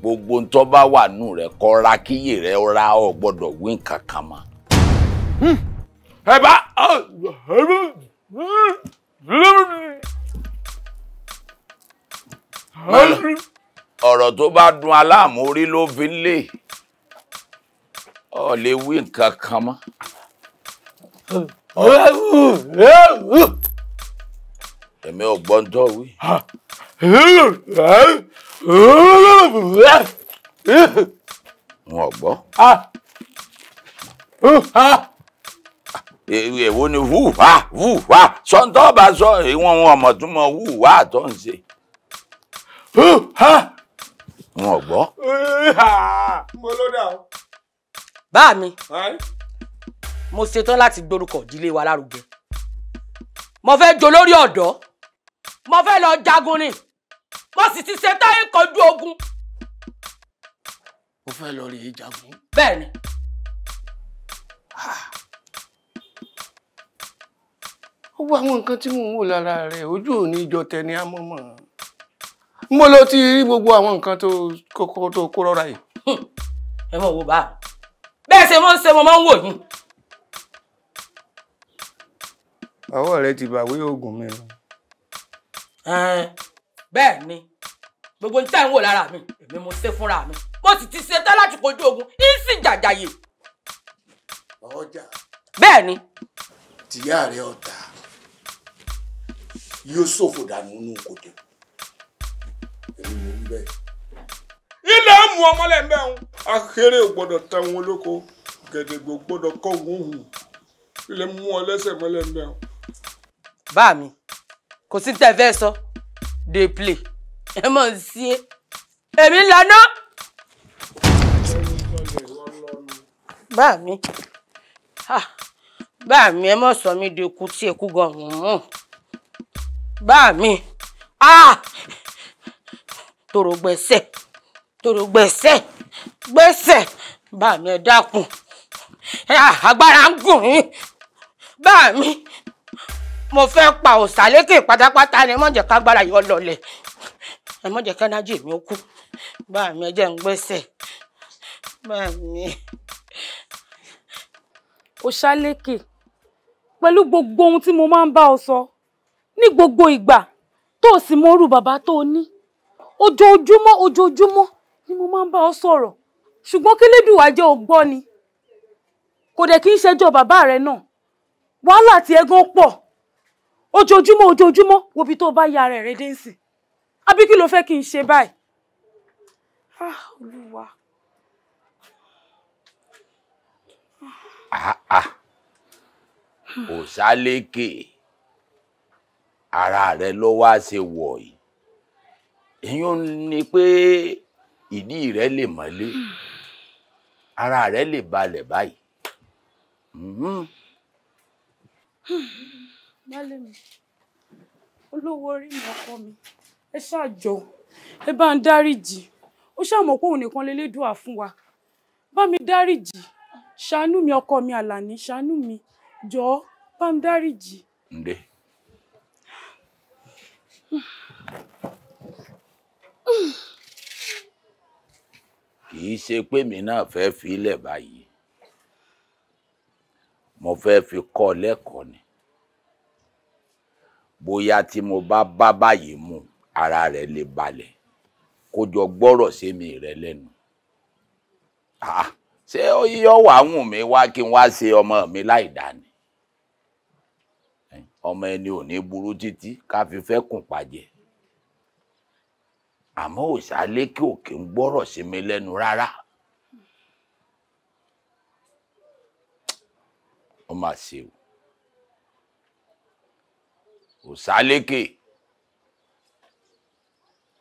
gbogbo ń tó bá wà nù rẹ kọ́ra kíyè rẹ ra ọ gbọ́dọ̀ wí nǹkan kan mọ́. ẹ bá ọ̀rọ̀ tó bá dùn aláàmú orí ló fi ń lè ọ̀ lè wí nǹkan kan mọ́. èmi ò gbọ́ wí. wọn gbọ́. èwo ni hùwà hùwà sọ́ńtọ́ sọ ìwọ̀n wọn ọmọ tó tó ń ṣe wọn ò gbọ́. mo ló dà o. bá mi mo ṣetán láti gbórúkọ ìdílé wa lárugẹ mo fẹ́ jolórí ọ̀dọ́ mo fẹ́ lọ jagun ni mo sì ti ṣetán ìkọjú ogun. mo fẹ́ lọ rèé jagun. bẹ́ẹ̀ ni. ó wá àwọn nǹkan tí mò ń wò lára rẹ̀ ojú ò ní jọ tẹni á mọ̀mọ́ mo lọ ti rí gbogbo àwọn nǹkan tó kókó tó kó rọra yìí. Hmm. ẹ mọ̀ wò bá a bẹ́ẹ̀ ṣe wọ́n ń ṣe mo máa ń wò yín. ọwọ́ rẹ ti bàwé oògùn mi. bẹ́ẹ̀ ni gbogbo ní tẹ́ ń wò lára mi èmi mo ṣe fúnra mi mo sì ti ṣe tán láti kojú ogun ní jàjàyè. ọjà. bẹ́ẹ̀ ni. tìyá rẹ ọ̀tá yóò ṣòfò dànù nínú kòtò èmi mò ń bẹ̀. ilé mú ọmọlẹ̀ ń bẹ̀ ń. akéré ò gbọ́dọ̀ ta wọn lóko gẹ̀dẹ̀gbò gbọ́dọ̀ kọ́ òun hù ilé mú ọ lẹ́sẹ̀ mọ́lẹ̀ ń bẹ̀ ń. bá mi kò sí tẹ́ fẹ́ sọ dey play ẹ mọ̀ ń sí é èmi ń laná. bá mi bá mi ẹ mọ̀ sọ mi di eku tí eku gan-an bá mi. Ah! tòrò gbẹ̀sẹ̀ tòrò gbẹ̀sẹ̀ gbẹ̀sẹ̀ bá mi ẹ dákun agbára ń gùn mí bá mi mo fẹ́ pa òsàlékè pátápátá ni mo jẹ́ kágbára yọ lọlẹ̀ ẹ mọ̀ jẹ́ kánájì mi ó kú bá mi ẹ jẹ́ ń gbẹ́sẹ̀ bá mi. òsàlékè pẹ̀lú gbogbo ohun tí mo máa ń bá ọ sọ ní gbogbo ìgbà tó o sì mọrú bàbá tó o ní ojoojúmọ́ ojoojúmọ́ ni mo máa ń bá ọ sọ̀rọ̀ ṣùgbọ́n kílédùwà jẹ́ ògbọ́ ni kò dẹ̀ kí n ṣẹjọ́ bàbá rẹ náà wàhálà tí ẹ̀gàn pọ̀ ojoojúmọ́ ojoojúmọ́ wo bí tó bá ya ara rẹ dé nsìn àbí kí ló fẹ́ kí n ṣe báyìí. ah olúwa. ah ah òsálékè ara rẹ ló wá ṣe wọ̀nyí ìyún ni pé ìdí rẹ lè mọ́lé ara rẹ lè balẹ̀ báyìí. Mm-hmm. Bálẹ̀ mi, olówó orí mi ọkọ mi, ẹ ṣáàjọ, ẹ bá ń dáríjì, ó ṣàmọ̀ pé òun nìkan lelédùà fún wa. Bá mi dáríjì, ṣàánú mi ọkọ mi Àlàní, ṣàánú mi, jọ̀ọ́ bá ń dáríjì. Ǹdẹ́. Hmm kì í ṣe pé mi náà fẹ́ fi ilẹ̀ báyìí mo fẹ́ fi kọ́ lẹ́kọ̀ọ́ ni bóyá tí mo bá bá báyìí mu ara rẹ̀ lè balẹ̀ kó jọ gbọ́rọ̀ sí mi rẹ̀ lẹ́nu ṣé ó yíyọ wà ń wù mí wá kí n wá ṣe ọmọ mi láì dání ọmọ ẹni ò ní burú títí ká fi fẹ́ kùn pàjẹ́ àmọ́ òsàlékè òkè ń gbọ́rọ̀ sí mi lẹ́nu rárá. ṣe o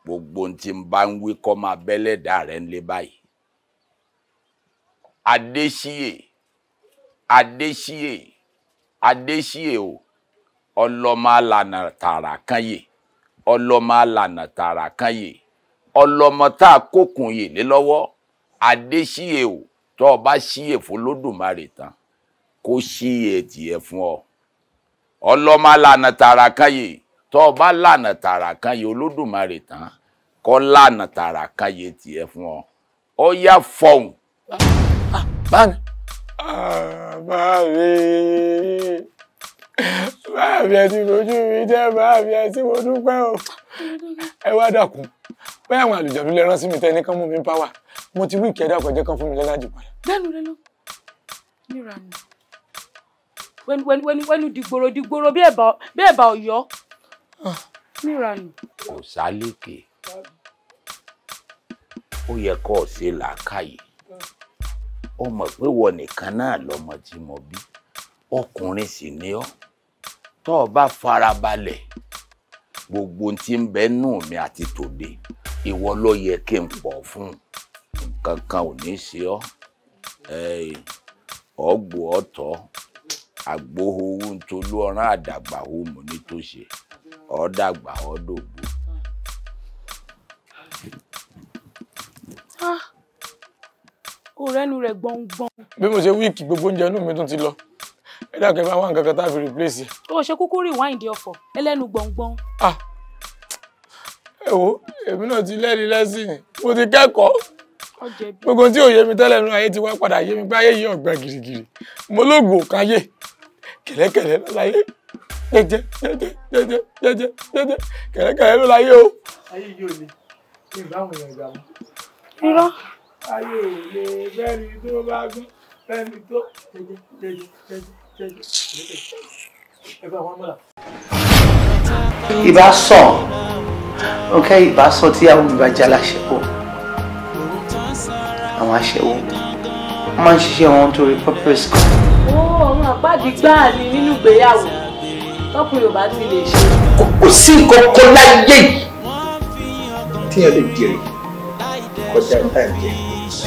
gbogbo ohun tí n bá ń wí kọ́ máa bẹ́lẹ̀dá rẹ̀ ń báyìí. o ọlọ́mọ alànà tààrà kan ọlọ́mọ ọlọmọ tá a kókun yìí lé lọ́wọ́ adésíye o tó o bá síye fún lódùmarè tán kó síye tiẹ̀ fún ọ ọlọmọ lànà tààrà kan yìí tó o bá lànà tààrà kan yìí olódùmarè tán kó lànà tààrà kan yìí tiẹ̀ fún ọ ó yá fọhùn. báyìí. báyìí báyìí ẹ ti fojú mi jẹ́ báyìí ẹ ti mo dúpẹ́ o ẹ wá dákun pé àwọn àlùjọ̀dún lè rán sí mi tẹ́ ní kán mú mi páwà mo ti wí ìkẹ́dá ọ̀kọ̀jẹ́ kan fún mi lọ́lá jù padà. lẹ́nu lẹ́nu níra ni wẹ́nu dìgbòrò dìgbòrò bí ẹ̀bà ọ̀yọ́ ah. níra ni. kò sálékè ó yẹ kó o ṣe làákàyè ó mọ̀ pé wọ́n nìkan náà lọ́mọ tí mo bí ọkùnrin sì ni ọ́ tó o bá farabalẹ̀ gbogbo ohun tí ń bẹ nù mí àti tòde ìwọ ló yẹ kí n bọ̀ fún nǹkan kan ò ní ṣe ọ ọ̀gbọ̀ ọtọ àgbóhó owó ń tolú ọ̀rán àdàgbà òmù ní tó ṣe ọ̀dàgbà ọ̀dọ̀gbò. kò ah! rẹ́nu rẹ̀ bí mo ṣe wíìkì gbogbo oúnjẹ inú mi tún ti lọ ẹ dàgbẹ́ bá wà nǹkan kan tá a fi rìpléṣì. o ṣe kúkú rí wáìndì ọ̀fọ̀ ẹlẹ́nu gbọ̀ngbọ̀n. Ah! èwo èmi náà ti lẹ́ni lẹ́sìn mo ti kẹ́kọ̀ọ́ gbogbo tí ò yé mi tẹ́lẹ̀ nínú ayé ti wá padà yé mi pé ayé yìí ọ̀gbà gìrìgìrì mo lóògùn òkáyé kẹ̀lẹ́kẹ̀lẹ́ láyé jẹ́jẹ́ jẹ́jẹ́ jẹ́jẹ́ jẹ́jẹ́ jẹ́jẹ́ kẹ̀lẹ́kẹ̀lẹ́ ló láyé o. ayé yìí ò ní kí n bá àwọn èèyàn gbà mọ́. irọ́. ayé ò lè bẹ́ẹ̀ni tó bá gún bẹ́ẹ̀ni tó jẹ́jẹ́ jẹ́jẹ́ jẹ́jẹ́ jẹ́jẹ́ ẹ bá wọn mọ́ra. ìbá sọ Ronke ìbá sọ tí àwọn òbí bá jẹ́ aláṣẹwó àwọn aṣẹwó wọ́n máa ń ṣiṣẹ́ wọn torí purpose kan. ó ọ̀run àpáàdì gbáà ni nínú ìgbéyàwó tọkùnrin ò bá ti lè ṣe. kò sí nǹkan kan láyé yìí tíyẹn lè jèrè kọjá táǹjẹ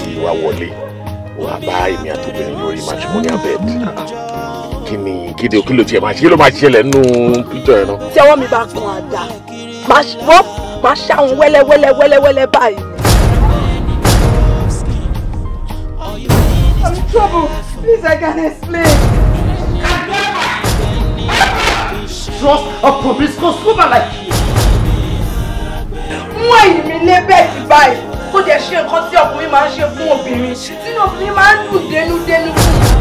tí wàá wọlé wàá bá èmi àtòbìnrin lórí matrimonial bed kí ni gidi òkìlò tiẹ̀ máa ṣe kí ló máa ṣẹlẹ̀ nínú píjọ ẹ̀ náà. tí ọwọ́ mi bá kan àdá máa ṣá wọn wẹ́lẹ́wẹ́lẹ́ wẹ́lẹ́wẹ́lẹ́ báyìí. I'm in trouble. Please, I can explain. Trust a promiscuous woman like you. Mú ẹ̀yìn mi lé bẹ́ẹ̀dì báyìí. Kó jẹ́ ṣe nǹkan tí ọkùnrin máa ń ṣe fún obìnrin. Tí obìnrin máa ń dùn dénúdénú.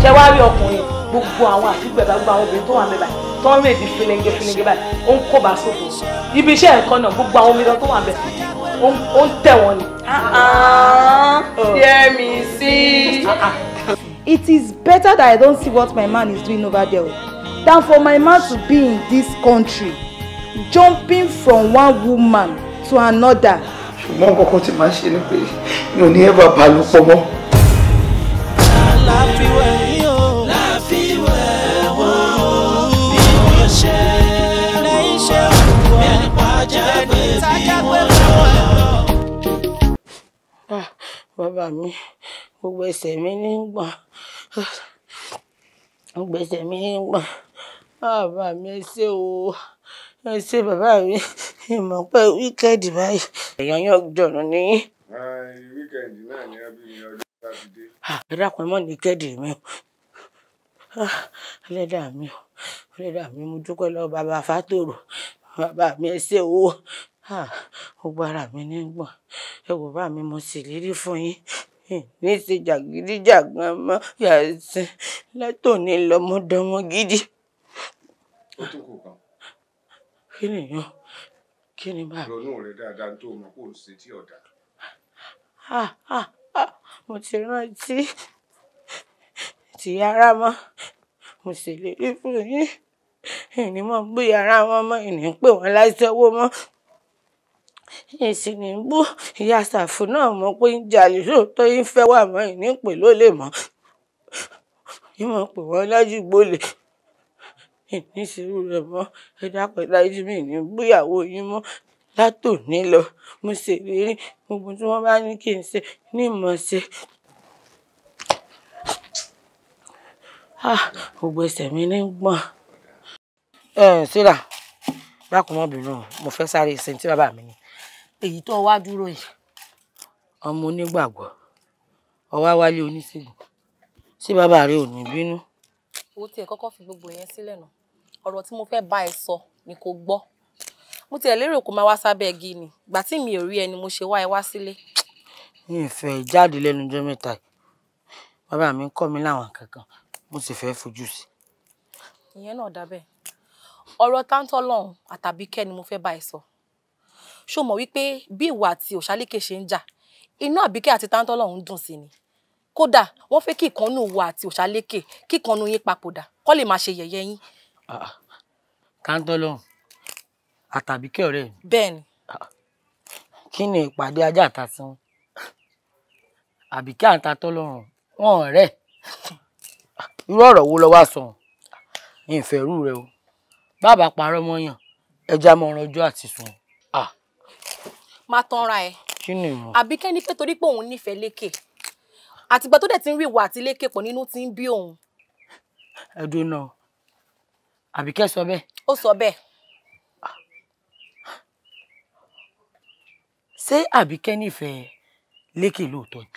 Jẹ́ wá rí ọkùnrin gbogbo àwọn àtúgbẹ̀dá gbogbo àwọn obìnrin tó wà mẹ́bàá tọ́rọ èdè fìlẹ̀ngẹ fìlẹ̀ngẹ báyìí ó ń kó bá sóko ibi iṣẹ́ ẹ̀kọ́ náà gbogbo àwọn omidan tó wà mẹ́ ó ń tẹ̀ wọ́n ni. Uh-uh. Oh. hear me uh-uh. it is better that I don't see what my man is doing over there oh, than for my man to be in this country jumping from one woman to another. ṣùgbọ́n kọ́kọ́ tí màá ṣe ni pé mi ò ní ẹ̀ bá balùpọ̀ mọ́. bàbá mi gbogbo ẹsẹ̀ mi ní ń gbọ̀n gbogbo ẹsẹ̀ mi ní ń gbọ̀n bàbá mi ẹ ṣé o ẹ ṣé bàbá mi ìmọ̀ pé wíkẹ́ẹ̀dì báyìí èèyàn yóò jọ̀rọ̀ ní. wíkẹ́ẹ̀dì náà ni wọ́n bí mi ọjọ́ sátidé. ẹ dákun ẹ mọ̀ ní kẹ́ẹ̀dì mi o ẹlẹ́dàá mi o ẹlẹ́dàá mi mo dúpẹ́ lọ́wọ́ bàbá fátòrò bàbá mi ẹ ṣé o Ah! Gbogbo ara mi ní ń gbọ̀n. Ẹ wò bàbá mi, mo ṣèlérí fún yín. Ní ṣe jàgídíjàgan mọ́ yàsín. Látòní lọmọ dọmọ gidi. Ó tó kò kan. Kí nìyẹn? Kí ni bàbá? Ronú rẹ dáadáa n tó mọ̀ kó o ṣe tí ọ̀dà. Ah! Ah! Ah! Mo ti rántí. Tìyá ara mọ́. Mo ṣèlérí fún yín. N ní mọ̀ yàrá wọn mọ́, n ní pè wọ́n láṣẹ́wó mọ́ èsì ní bú ìyá ṣàfù náà mọ pé ń jalè lóòótọ́ yín fẹ́ wà mọ́ ìní pè ló lè mọ́ yín mọ̀ pé wọ́n lájúgbólè ìní sírú rẹ̀ mọ́ ẹ dápẹ́ lájú mi ní búyàwó yín mọ́ látòní lọ mo ṣèlérí gbogbo tí wọ́n bá ní kí n ṣe ní ìmọ̀ ṣe ah, gbogbo ẹsẹ̀ mi ní gbọ́n. ẹ ẹ síra dákun mọ́ bínú mo fẹ́ sáré sin tí bàbá mi ni èyí tó wá dúró yìí. ọmọ onígbàgbọ́ ọwá wálé oníṣègùn sí bàbá rẹ ò ní bínú. owó tiẹ̀ kọ́kọ́ fi gbogbo yẹn sílẹ̀ nà ọ̀rọ̀ tí mo fẹ́ bá ẹ sọ ni kò gbọ́ mo tiẹ̀ lérò kó máa wá sábẹ́ igi ni ìgbà tí mi ò rí ẹni mo ṣe wá ẹ wá sílé. mi ì fẹ́ jáde lẹ́nu ọjọ́ mẹ́ta bàbá mi ń kọ́ mi láwọn kankan mo sì fẹ́ fojú sí. ìyẹn náà dábẹ́ ọ̀rọ̀ táńtọ́ lọ́hùn àtàbíkẹ́ ni mo fẹ́ bá ẹ sọ. So ṣó mọ̀ wípé bí ìwà àti òṣàlékè ṣe ń jà inú àbíkẹ́ àti tántọ́lọ̀ ń dùn sí ni kódà wọ́n fẹ́ kí ìkànnù ìwà àti òṣàlékè kí ìkànnù yín papòdà kó lè máa ṣe yẹ̀yẹ́ yín. Ah, ah. tántọ́lọ̀ àtàbíkẹ́ ọ̀rẹ́ mi. bẹ́ẹ̀ni. Ah, kí ni ìpàdé ajá àta sí wọn àbíkẹ́ àta tọ́lọ́run wọn ọ̀rẹ́ irú ọ̀rọ̀ wo lọ wá sọ ìfẹ́rù rẹ o bàbá parọ́ mọ́yàn ẹja mọ́ ọ̀rọ̀ ọjọ́ àti sùn máa tanra ẹ àbí kẹ́ni pé torí pé òun nífẹ̀ẹ́ lékè àtìgbà tó dẹ̀ ti ń rí ìwà àti lékè pọ̀ nínú ti ń bí òun. ẹ dùn náà àbíkẹ́ sọ bẹ́ẹ̀. ó sọ bẹ́ẹ̀. ṣé àbíkẹ́ nífẹ̀ẹ́ lékè lóòótọ́ ni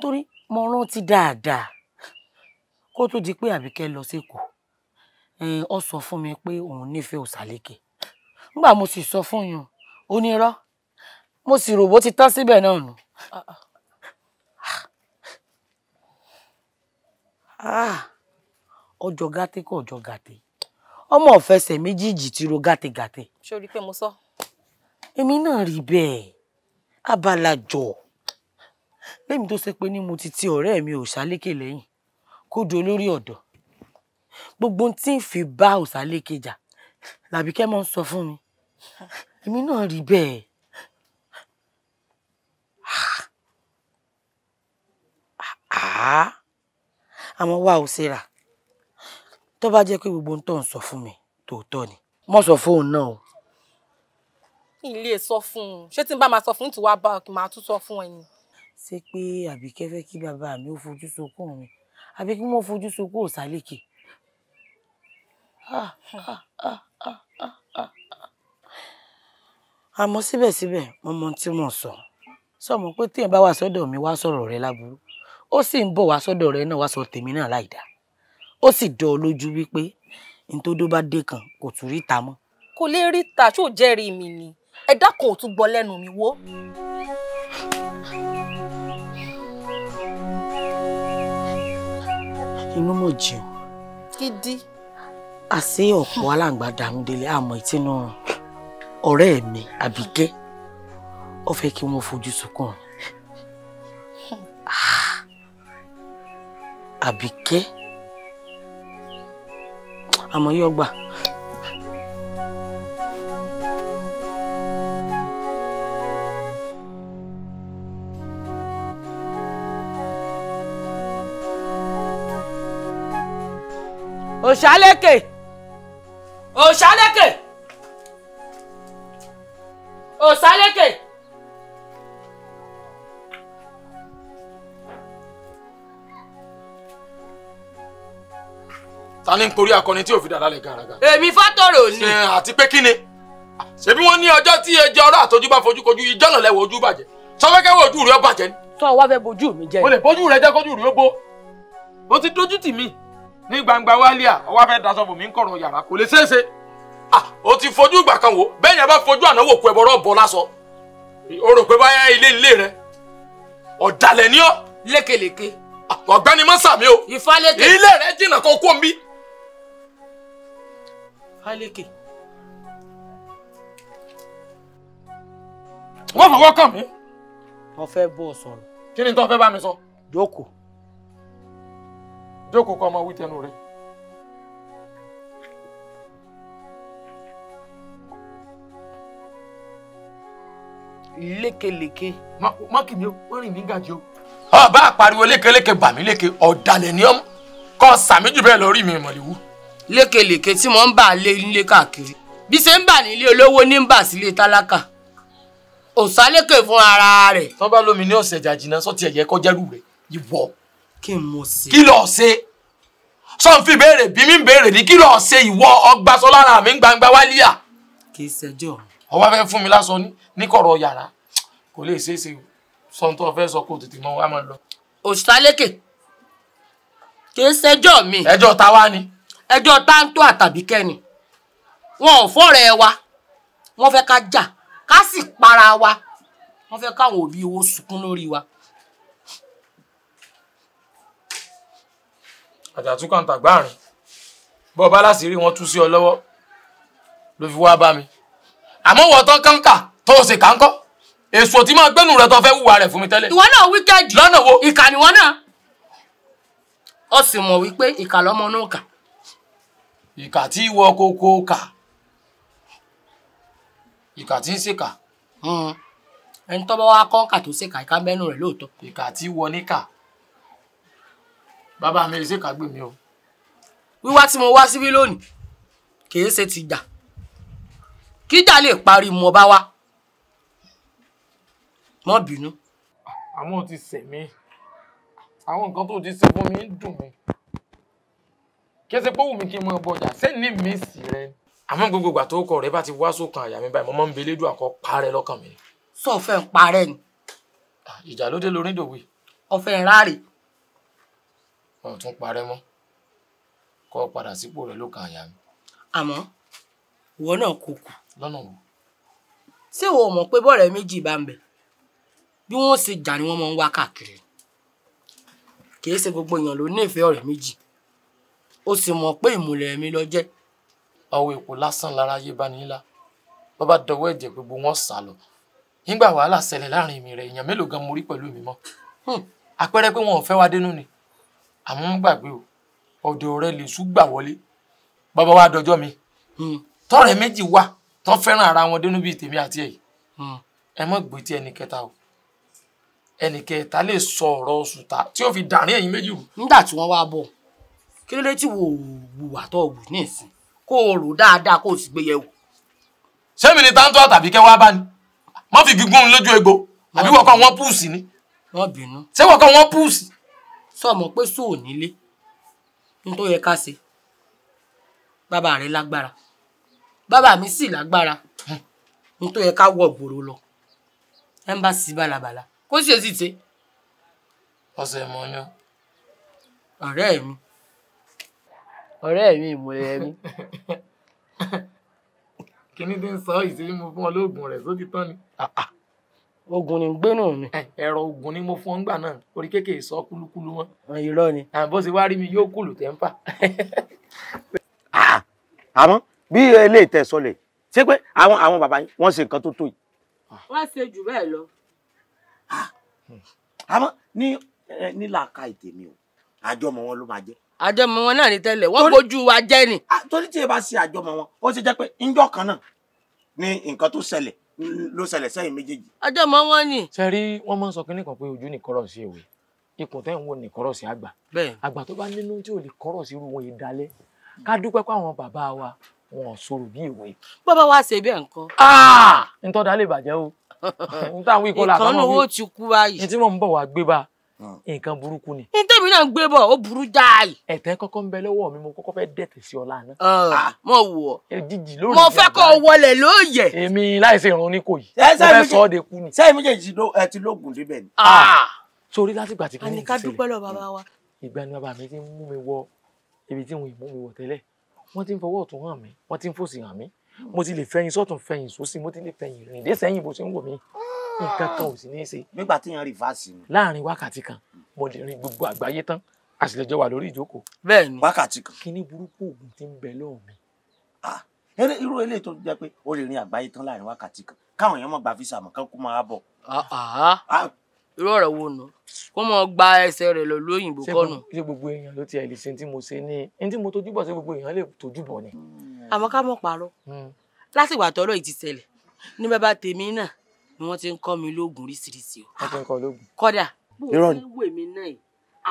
torí mo rántí dáadáa kó tó di pé àbíkẹ́ lọ sékòó ọ sọ fún mi pé òun nífẹ̀ẹ́ òsàlékè nígbà mo sì sọ fún yàn onírọ́ mo sì rò bó ti tán síbẹ̀ náà nù. Ah, ọjọ́ gàtẹ́ kọ́ ọjọ́ gàtẹ́ ọmọ ọ̀fẹsẹ̀ méjìjì ti ro gàtẹ́gàtẹ́. ṣé o rí i pé mo sọ. èmi náà rí bẹ́ẹ̀ abalajọ lẹ́mi tó ṣe pé ní mo ti ti ọ̀rẹ́ mi òṣàlékè lẹ́yìn kó di olórí ọ̀dọ́ gbogbo ohun tí ń fi bá òṣàlékè jà làbíkẹ́ mọ́ ń sọ fún mi èmi náà rí bẹ́ẹ̀. Ah, àmọ́ wà ó ṣera tó bá jẹ́ pé gbogbo ohun tó ń sọ fún mi tòótọ́ ni mo sọ fóun náà o. ilé sọ fún un ṣé tí n bá máa sọ fún un tí wàá bá ọkì máa tún sọ fún ẹni. ṣé pé àbíkẹ́ fẹ́ kí bàbá mi ó fojú sunkún mi àbí kí wọ́n fojú sunkún òsálèkè. ah ah ah. àmọ́ síbẹ̀síbẹ̀ mo mọ tí mo sọ sọmọ pé téèyàn bá wà sọ́dọ̀ mi wá sọ̀rọ̀ rẹ láburú ó sì ń bọ̀ wá sọ́dọ̀ rẹ náà wá sọ tèmi náà láìdá ó sì dọ̀ ọ́ lójú wípé ntódó bá dé kan kò tún ríta mọ́. kò lè ríta ṣó jẹ́rìí mi ni ẹ̀dá kan ò tún gbọ́ lẹ́nu mi wò. inú mọ̀ jẹun. gidi. àṣé ọ̀pọ̀ aláǹgbá dàmídélé àmọ́ ìtinú rùn ọ̀rẹ́ mi Àbíkẹ́ ó fẹ́ kí wọ́n fojú sunkún ah, Àbíkẹ́ àmọ́ yóò gbà. òṣàlékè òṣàlékè. O òsálékè. ta ni n porí akọni tí ò fi dàda lẹ gàràgà. èmi fọ́tòrò ni. ṣe àti pé kí ni ṣebí wọn ní ọjọ́ tí ẹjẹ ọ̀rọ̀ àtọjúbà fojúkojú ìjọlọ lẹwọ ojú bàjẹ́ sọfẹkẹwọ ojú rẹ bàjẹ́ ni. sọ wá fẹ́ bojú mi jẹ́. o lè bojú rẹ jẹ́ kójú rẹ ó bó. o ti dojú tì mí ní gbangba wálíà ọwọ́ fẹ́ daṣọ bò mí ń kọ̀rọ̀ yàrá kò lè ṣeé ṣe ó ah, ti fojú ìgbà kan wò bẹ́ẹ̀ yẹn bá fojú àná wò kú ẹ bọ́rọ̀ bọ́ lásọ o rò pé báyà ilé ilé rẹ ọ̀dàlẹ̀ ni ọ́. lékeleke. Ah, ọ̀gbẹ́ni mọ́sàmí o. ìfálẹ́kẹ̀. ilé rẹ jìnnà kan kó mi. fálẹ́kẹ̀. wọ́n fọwọ́ kàn mí. wọ́n fẹ́ bó o sọ̀rọ̀. kí ni tó fẹ́ bá mi sọ. jókòó. jókòó kọ́ ọmọ wí tẹnu rẹ̀. lékeleke. má kì mí o wọ́n rìn mí gàjì ọba àpariwo lékeleke bà mí léke ọ̀dàlẹ̀ ni ọmọ kọ́ sàmí jù bẹ́ẹ̀ lórí mi ìmọ̀lẹ́wù. lékeleke tí mo ń bà lé nílé káàkiri bí ṣe ń bà nílé olówó ní ń bà sílé tálákà òsálẹ́kẹ̀ fún ara rẹ̀. tọ́ bá lómi ní ọ̀sẹ̀ jàjìnà sọ́tì ẹ̀yẹ kọjárù rẹ̀ ìwọ. kí n mọ̀ sí. kí lọ ṣe sọ́nfì béèrè bí mi ń béèrè ní kí lọ ṣe ìwọ ọgbàsọ lára mi gbangba wálíà. kì í ṣẹjọ́ mi ọwọ́ fẹ́ fún mi lásán ní níkọ̀rọ̀ yàrá kò lè ṣeé ṣe sọ́ńtọ́ fẹ́ sọ kó tètè mọ́ wá máa lọ. òṣìṣàlékè kì í ṣẹjọ́ mi. ẹjọ́ ta wá ni. ẹjọ́ táńtò àtàbí kẹ́ni wọn ò fọ́rẹ̀ wa wọ́n fẹ́ ká jà ká sì para wa wọ́n fẹ́ káwọn òbí wo sunkún lórí wa. àjàtúkàǹtà gbáàrin bọ́ọ̀ bá láṣìírí wọn tú sí ọ lọ́wọ́ ló fi wá bá mi àmọ́ wọ́n tán kánká tó o sì kánkọ́ èso tí máa gbẹ́nu rẹ̀ tó fẹ́ wùwà rẹ̀ fún mi tẹ́lẹ̀. ìwọ náà wíkẹ́ẹ̀dì lọ́nà wo ìkà nìwọ náà ó sì mọ̀ wípé ìkà lọ́mọ náà kà. ìkà tí ìwọ kókó kà ìkà tí ń ṣèkà. Hmm. ẹni tó bá wá kọ́ kà tó ṣèkà ìkà bẹ́nu rẹ̀ lóòótọ́. ìkà tí wọ níkà bàbá mi ṣèkà gbèmí o. wíwá tí mo wá síbí lónìí kì í ṣe ti gbà kíjà lè parí mọ́ bá wá mọ́ bínú. àmọ́ ti sẹ̀ mí àwọn nǹkan tó ti ṣe fún mi ń dùn mí kí ẹ ṣe pé wù mí kí n máa bọjà sẹ́ni mi sì rẹ àmọ́ gbogbo ìgbà tó kọ rẹ bá ti wá sókàn àyà mi báyìí mo máa ń belé dùn àkọ́ parẹ́ lọ́kàn mi. sọ fẹ́ ń parẹ́ ni. ìjà ló dé lórí ìdòwe. ọ̀fẹ́ ń ráre. wọn ò tún parẹ́ mọ́ kọ́ padà sípò rẹ ló kan àyà mi. àmọ́ ìwọ náà kò kù lọ́nà wo. ṣé o mọ̀ pé bọ́ọ̀rẹ́ méjì bá ń bẹ bí wọ́n ṣe jà ni wọ́n máa ń wá káàkiri kì í ṣe gbogbo èèyàn ló nífẹ̀ẹ́ ọ̀rẹ́ méjì ó sì mọ̀ pé ìmùlẹ̀ mi lọ jẹ́ ọwọ́ èpò lásán lára yé bá nílá bó bá dọwọ́ ẹ̀jẹ̀ gbogbo wọn sá lọ nígbà wàhálà ṣẹlẹ̀ láàrin mi rẹ̀ èèyàn mélòó gan mo rí pẹ̀lú mi mọ́ hmm, àpẹẹrẹ pé wọn ò fẹ́ wa dénú ni àmọ́ ń gbàgbé o ọ̀dọ̀ rẹ lè sú gbà wọlé bàbá wa dọjọ́ mi hmm. tọ́rẹ̀ méjì wà tó fẹ́ràn ara wọn dénú bíi tèmi àti ẹ̀yìn hmm. ẹ mọ̀ gbé tí ẹnì kẹta o ẹnì kẹta lè sọ ọ̀rọ̀ oṣù ta tí ó fi dàrín ẹ̀yìn méjì wò. nígbà tí wọ́n wá bọ̀ kí ló dé tí wò ó wùwà tó wù ní ìsìn kó o rò dáadáa kó o sì gbé yẹ̀ wò. ṣé mi ni táńtọ́ tàbí kẹ́ wá bá ni má fi gígùn lójú egbò àbí wọ́n kọ́ wọ́n púùsì ni. wọ́n bínú. ṣé wọ́n kọ́ wọ́n púùsì. sọ mọ pé sóò nílé ní tó yẹ ká ṣe bàbá rẹ lágbára bàbá mi sì lágbára n tó yẹ ká wọ gbòòrò lọ ẹ ń bá sí bàlàbàlà kó sì èsì tẹ. ọsẹ mọ yán. ọ̀rẹ́ mi ọ̀rẹ́ mi ìmùlẹ̀ mi. kíní tí ń sọ ìṣèlú mo fún ọ lóògùn rẹ sóti tán ni. oògùn ni ń mi. ẹ̀rọ oògùn ni mo fún ọ ńgbà náà orí kéékèèké sọ kúlúkúlú wọn. irọ́ ni. bó ṣe wá rí mi yóò kùlù tẹ́ ń fà. àmọ́ bí ilé ìtẹ̀sọlẹ̀ ṣé pé àwọn àwọn bàbá yín wọ́n ṣe nǹkan tó tó yìí. wọ́n ṣe jù bẹ́ẹ̀ lọ. Ah! àmọ́ ní ní làákà ìtèmi o àjọmọ̀ wọn ló máa jẹ́. àjọmọ̀ wọn náà ní tẹ́lẹ̀ wọ́n bójú wa jẹ́ ni. Ah! torí tí ẹ bá ṣe àjọmọ̀ wọn ó ṣe jẹ́ pé ńjọ́ kan náà ni nǹkan tó ṣẹlẹ̀ ló ṣẹlẹ̀ sẹ́yìn méjèèjì. àjọmọ̀ wọn ni. ṣe rí wọn máa ń sọ kínní kan pé ojú ni kọ́rọ̀ sí èwe ikùn tẹ́ ń wo ní kọ́rọ̀ sí àgbà àgbà tó bá nínú tí ò lè kọ́rọ̀ sí irú wọn yìí dalẹ̀ ká dúpẹ́ pé àwọn bàbá wa wọn sòrò bí ìwé. bàbá wa ṣe bẹ́ẹ̀ ńkọ́. Ah! ntọ́ da lè bàjẹ́ o ntáwọn ikọ̀ làkàn mọ̀ wí ìkànnì owó ti kú báyìí. ntí mò ń bọ̀ wá gbé bá ah. nǹkan burúkú ni. ntẹ́mi náà ń gbé bọ̀ ó burú jáì. ẹ̀tẹ́ kọ́kọ́ ń bẹ lọ́wọ́ mi mo kọ́kọ́ fẹ́ dẹ̀tẹ̀ sí ọ̀la ah, náà. mo wù ọ́ mo fẹ́ kọ́ wọlé lóòyè. èmi láìsí ìrún ní kò yìí eh, mo fẹ́ sọ ọ́ de kú ni. sẹ́yìn méjèèjì ẹ ti lóògùn débẹ̀ ni. sórí látìgbà tí kò ní ìṣẹ̀lẹ̀ ìgbà bàbá mi ti mú mi wọ ibi tí òun ì wọ́n ti ń fọwọ́ ọ̀tún hàn mí wọ́n ti ń fòsì hàn mí hmm. mo ti lè fẹ̀yìn sọ́tún fẹ̀yìn sósì mo ti lè fẹ̀yìn rìn dé sẹ́yìn bó ṣe ń wò mí ah. nǹkan kan ò sì ní í ṣe. nígbà tí yan rìfáàsì ni. láàrin wákàtí kan mo lè rin gbogbo àgbáyé tán a sì lè jọ wà lórí ìjókòó. bẹ́ẹ̀ni wákàtí kan. kíní burúkú oògùn ti ń bẹ lọ́ọ̀ mi. ah irú eléyìí tó jẹ́ pé o lè rin àgbáyé tán láàrin wákàtí kan káwọn èèyàn mọ̀ bá fi sàmọ̀ kán kó máa bọ̀. Ah, ah irú ọ̀rọ̀ wo nù kó mọ gba ẹsẹ̀ rẹ̀ lọ lóyìnbó kọ́nù. ṣé gbogbo èèyàn ló ti ẹ̀ lè ṣe tí mo ṣe ní ẹni tí mo tójú bọ̀ ṣé gbogbo èèyàn lè tójú bọ̀ ni. àmọ́ ká mọ̀ parọ́ hmm. lásìgbà tọ́rọ̀ yìí ti ṣẹlẹ̀ ní bàbá tèmi náà ni wọ́n ti ń kọ́ mi lóògùn oríṣiríṣi o. wọ́n ti ń kọ́ lóògùn. kọ́dà bó o ti wè mí náà yìí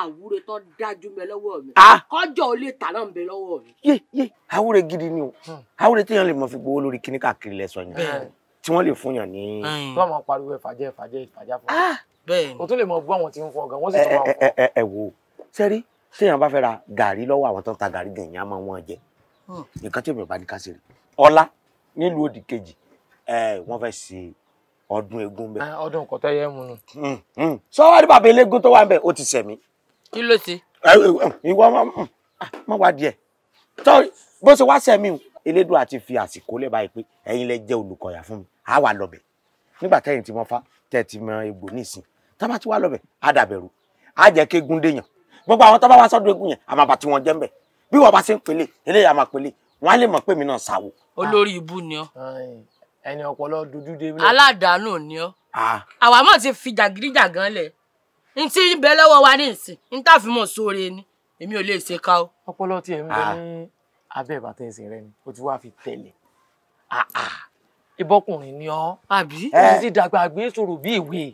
àwúre tó dájú mẹ lọ́wọ́ mi. Ah! kọjọ ò lè ń bẹ lọ́wọ́ mi. yé yé àwúre gidi ni o hmm. àwúre téèyàn lè mọ fi gbowó lórí kíní káàkiri lẹsọ yẹn tí wọ́n lè fún yàn ní. tí wọ́n máa pariwo ẹfàjẹ ẹfàjẹ ìfàjà fún. Ah! o tún lè mọ bú àwọn tí ń fún ọgàn wọn sì tún máa fún ọ. ẹ wo sẹ́rí téèyàn bá fẹ́ ra gàrí lọ́wọ́ àwọn tó ń ta gàrí gan ìyá máa wọ́n jẹ hmm. nǹkan tí èmi bá ní ká ṣe rè ọlá nílùú òdì kejì wọ́n fẹ́ ṣe ọdún eégún bẹ́ẹ̀. Ah, ọdún kọtẹ́yẹ mu nù. sọ́wọ́n hmm, hmm. ní bàbá eléégún tó wà ń bẹ̀ ó ti sẹ̀mí. kí ló ṣe. ìwọ má ah, wá díẹ̀ bó ṣe wá sẹ̀mí o elédùn àti fi àsìkò lẹ́ báyìí pé ẹ̀yin lẹ jẹ́ olùkọ̀yà fún mi àá wà lọ́bẹ̀ nígbà tẹ́yìn tí mo fa tẹ́ ti mọ egbò nísìn tábà tí wà lọ́bẹ̀ á dàbẹ̀rù á jẹ́ kí egun dèèyàn gbogbo àwọn tábà wá sọ́dọ̀ egun yẹn àmàbà tí wọ́n jẹ́ ń bẹ̀ bí wọ́n bá ṣe ń pele eléyà máa pele wọ́n á lè mọ̀ pé mi náà ṣàwò. olórí ibu ni ọ. ẹni ọpọlọ dúdú dé. aládàánù ni ọ. àwa mọ̀ ti fi jàgídíjàgan lẹ̀ n tí bẹ lọ́wọ́ wa ní ìsìn n tá fi mọ̀ sóore ni èmi ò lè ṣe ká o. ọpọlọ tí ẹ ń bẹ ní abẹ́ ìbátan ẹsẹ̀ rẹ ni o ti wá fi tẹ̀lẹ̀ ìbọkùnrin ni ọ. àbí. ẹ ti dàgbà àgbésòrò bí ìwé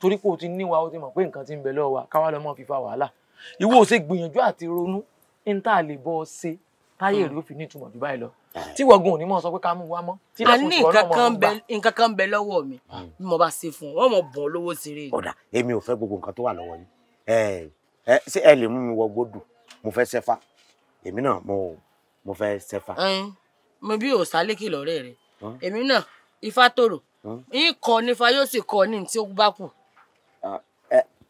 torí pé o ti níwa o ti mọ̀ pé nǹkan ti ń bẹ lọ́wọ́ wa káwá lọ́mọ fífa wàhálà ìwọ ò ṣe gbìyànjú àti ronú ní tá a lè bọ́ ọ ṣe táyé rí hmm. ó fi nítumọ̀ jù báyìí lọ eh. tí wọ̀gùn òní mọ̀ sọ pé ká mú wá mọ́ tí lẹ́sùn ìṣòro náà mọ̀ ń gbà. nǹkan kan bẹ lọ́wọ́ mi hmm. bí mo bá ṣe fún mo fẹ́ ṣẹ́fà mo bí o sálékì lọ́rẹ́ rẹ èmi náà ifá tòrò yín kọ nífa yóò sì kọ ní tí ó bá kù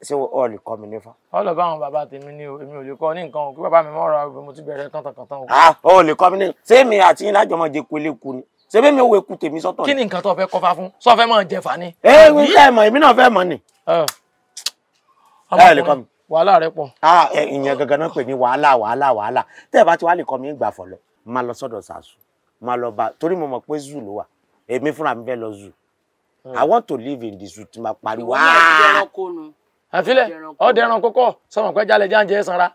ṣé ọ lè kọ́ mi nífá. ọ lọ bá àwọn bàbá tèmi ní o èmi ò lè kọ́ ní nǹkan o kí bàbá mi mọ̀ ra mo ti bẹ̀rẹ̀ kàntàkàntàn o. ọ ò lè kọ́ mi ní ṣé mi àti yín lájọ máa jẹ pélé ku ni ṣé bẹ́ẹ̀ mi ò wé ku tèmi sọ́tọ̀ ni. kí ni nǹkan tó fẹ́ kọ́ fa fún sọ fẹ́ máa jẹ fà ni. ẹ ẹ ẹ mọ èmi náà fẹ́ mọ ni. ẹ lè kọ́ mi. wàhálà rẹ pọ̀. ìyẹn gangan náà pè ní wàhálà wàhálà wàhálà tẹ́ ẹ bá ti wá lè kọ́ mi ń gbà fọ̀lọ́ I want to live in this. zoo tí máa pariwo. ìwọ àfilẹ̀ ọdẹ ẹran kókó sọmọ pé jálẹ̀ jáǹjẹ́ sanra.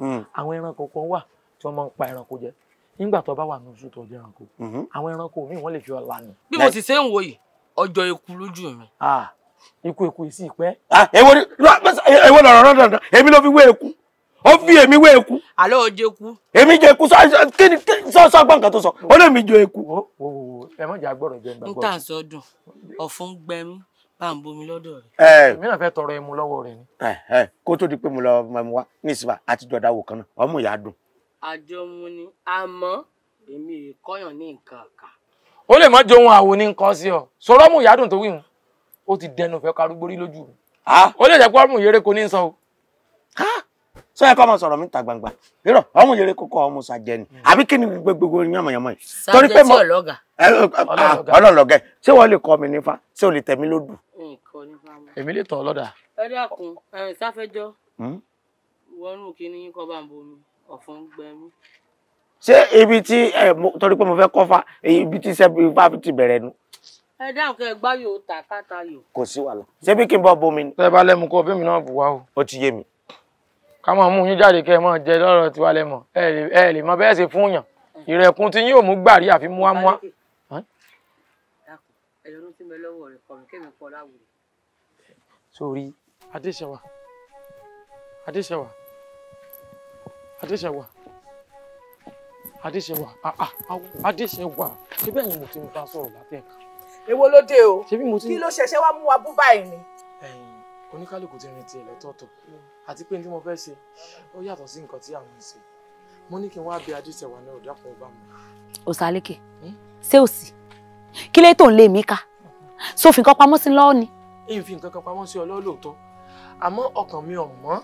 Hmm. àwọn ẹran kọ̀ọ̀kan wà tí wọ́n máa ń pa ẹranko jẹ nígbà tó bá wà ní oṣù tó jẹ ẹranko hmm. àwọn ẹranko míì wọ́n lè fi ọ̀la nù. bí mo ti ṣe ń wo yìí ọjọ́ ikú lójú mi. ikú ikú ìsì ìpẹ́. èwo lọ̀rọ̀ náà dandan èmi ló fi wé eku ó fi èmi wé eku. àlọ́ o jẹ eku. èmi jẹ eku sọ sọ gbọ́n kan tó sọ ó lè mi jẹ eku. ẹ má jà gbọ́dọ̀ jẹun gbàgbọ́. n tà sọdún ọ̀fun gbẹmí à ń bomi lọ́dọ̀ rẹ̀. èmi náà fẹ́ tọrọ ẹmu lọ́wọ́ rẹ̀ ni. kó tó di pé mo lọ máa mu wá ní ìsìnbà àti jọ̀dá wò kan náà ọmú ìyá dùn. àjọ mu ni àmọ́ èmi ìkọyàn ní nǹkan kà. ó lè má jẹ ohun àwo ní nǹkan sí ọ sọ̀rọ̀ ọmú ìyá dùn tó wíwùn ó ti dẹnu fẹ́ karúgbórí lójú mi. Ah. ó lè jẹ́ pé ọmú ìyẹ́rẹ́ kò ní sọ o sọ yẹ kọ́ ọmọ sọ̀rọ̀ mi ta gbangba rírọ̀ ọmọ yẹrẹ kókó ọmọ sàjẹ ni hmm. àbí kí ni gbogbo yànmọ̀yànmọ̀ yìí. sàjẹ tí ọlọ́gà. ọlọ́lọ́gẹ ṣé wọ́n lè kọ́ mi nífa ṣé o lè tẹ̀mí lódù. èmi lè tọ̀ ọlọ́dà. ẹ dákun sáfẹ́jọ́ hmm? wọnú kínní kọ́ bá ń bomi ọ̀fun gbẹmí. ṣé ibi tí torí pé mo fẹ́ kọ́fà ibi tí ifá ti bẹ̀rẹ̀ nu. ẹ dáhùn kẹ gbá yòó tà káta yòó. kò sí wàhálà ṣé bí kí n bọ́ bomi ni. tẹ́ bá lẹ́mu kọ́ bí mi náà bù wá o. ó ti yé mi ká máa mú yín jáde kẹ́ ẹ máa jẹ lọ́rọ̀ tiwa lẹ́mọ̀ ẹ lè mọ bẹ́ẹ̀ ṣe fún yàn ìrẹ̀kùn tí yín ò mú gbàrí àfi mú wá mú wá. sórí adéṣẹwà ah, ah, ah, adéṣẹwà adéṣẹwà adéṣẹwà adéṣẹwà ṣé bẹ́ẹ̀ ni mo ti ń bá sọ̀rọ̀ látẹ̀ka. èwo ló dé o kí ló ṣẹ̀ṣẹ̀ wá mú wa bú báyìí ni oníkálukú ti rìn tiẹ̀ lọ́tọ̀ọ̀tọ̀ mm. àti pé ní tí mo fẹ́ ṣe ó yàtọ̀ sí nǹkan tí àwọn ń ṣe mo ní kí n wá bí adúṣẹwà náà dàpọ̀ ọba mi. òsàlékè hmm? ṣé ò sí kí lè tó ń lé mi ká sófin kan pamọ́ sí lọ́wọ́ ni. èyí nǹkan kan pamọ́ sí ọ lọ́lọ́tọ́ àmọ́ ọkàn mi ò mọ́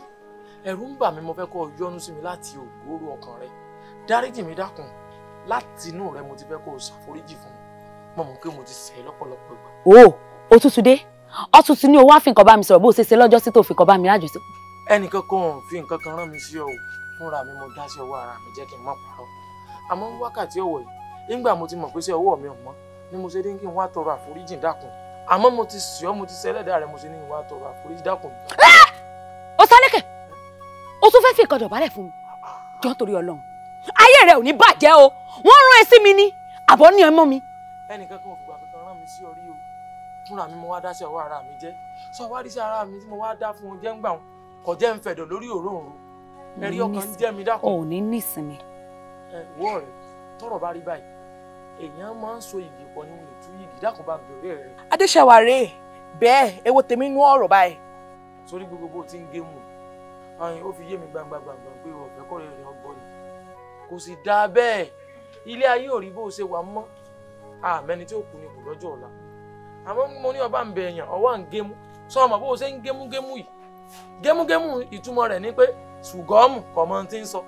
ẹ̀rù ń bà mí mo fẹ́ kó yọ́nú sí mi láti ògóró ọkàn rẹ dáríjì mi dákun láti inú rẹ mo ti fẹ́ kó ṣàforíjì fún mi mo mọ̀ pé mo ti ṣẹ̀ lọ́pọ̀lọpọ̀ ìgbà. o òtútù dé ọ tún ti ní owó àfi nǹkan bá mi sọ̀rọ̀ bó ṣe ṣe lọ́jọ́ sí tó fi nǹkan bá mi rájò sí. ẹnìkan kan ò fi nǹkan kan rán mi sí ọ fúnra mi mo dá sí ọwọ́ ara mi jẹ́ kí n má parọ́ àmọ́ wákàtí ọ̀wọ̀ yìí nígbà mo ti mọ̀ pé sí ọwọ́ mi ò mọ́ ni mo ṣe dé kí n wá tọrọ àforíjìn dákun àmọ́ mo ti sì ọ́ mo ti ṣẹlẹ́dà rẹ mo ṣe ní ìwà tọrọ àforíjì dákun. ó ah! sálékè ó tún fẹ́ fi ìkọ̀dọ̀ dọ̀bálẹ̀ fún mi jọ́ torí ọlọ́run ayé rẹ ò ní bàjẹ́ o wọ́n rán ẹ sí mi ní àbọ̀ ní ọmọ mi. ẹnìkan kò gbà fúnra mi mo wá dá sí ọwọ́ ara mi jẹ́ sọ wá rí sí ara mi tí mo wá dá fún un jẹ́ ń gbà wọn kò jẹ́ ń fẹ̀dọ̀ lórí òróǹro ẹ̀rí ọkàn ń jẹ́ mi dákọ̀. ò ní nísinmi. ẹ wọ rẹ tọrọ bá rí báyìí èèyàn máa ń so ìgì pọ̀ nínú ètú ìgì dákun bá bèrè rẹ. adéṣàwà rèé bẹ́ẹ̀ ewo tèmi nú ọ̀rọ̀ báyìí. sórí gbogbo bó ti ń gé mu ó fi yé mi gbangbangbangba pé ọ̀fẹ́ àmọ́ mo ní ọba ń bẹ èèyàn ọwọ́ à ń gémú sọ ọmọ bó o ṣe ń gémú gémú yìí gémú gémú ìtumọ̀ rẹ̀ ni pé ṣùgọ́ọ̀mù kọ̀mọ ti ń sọ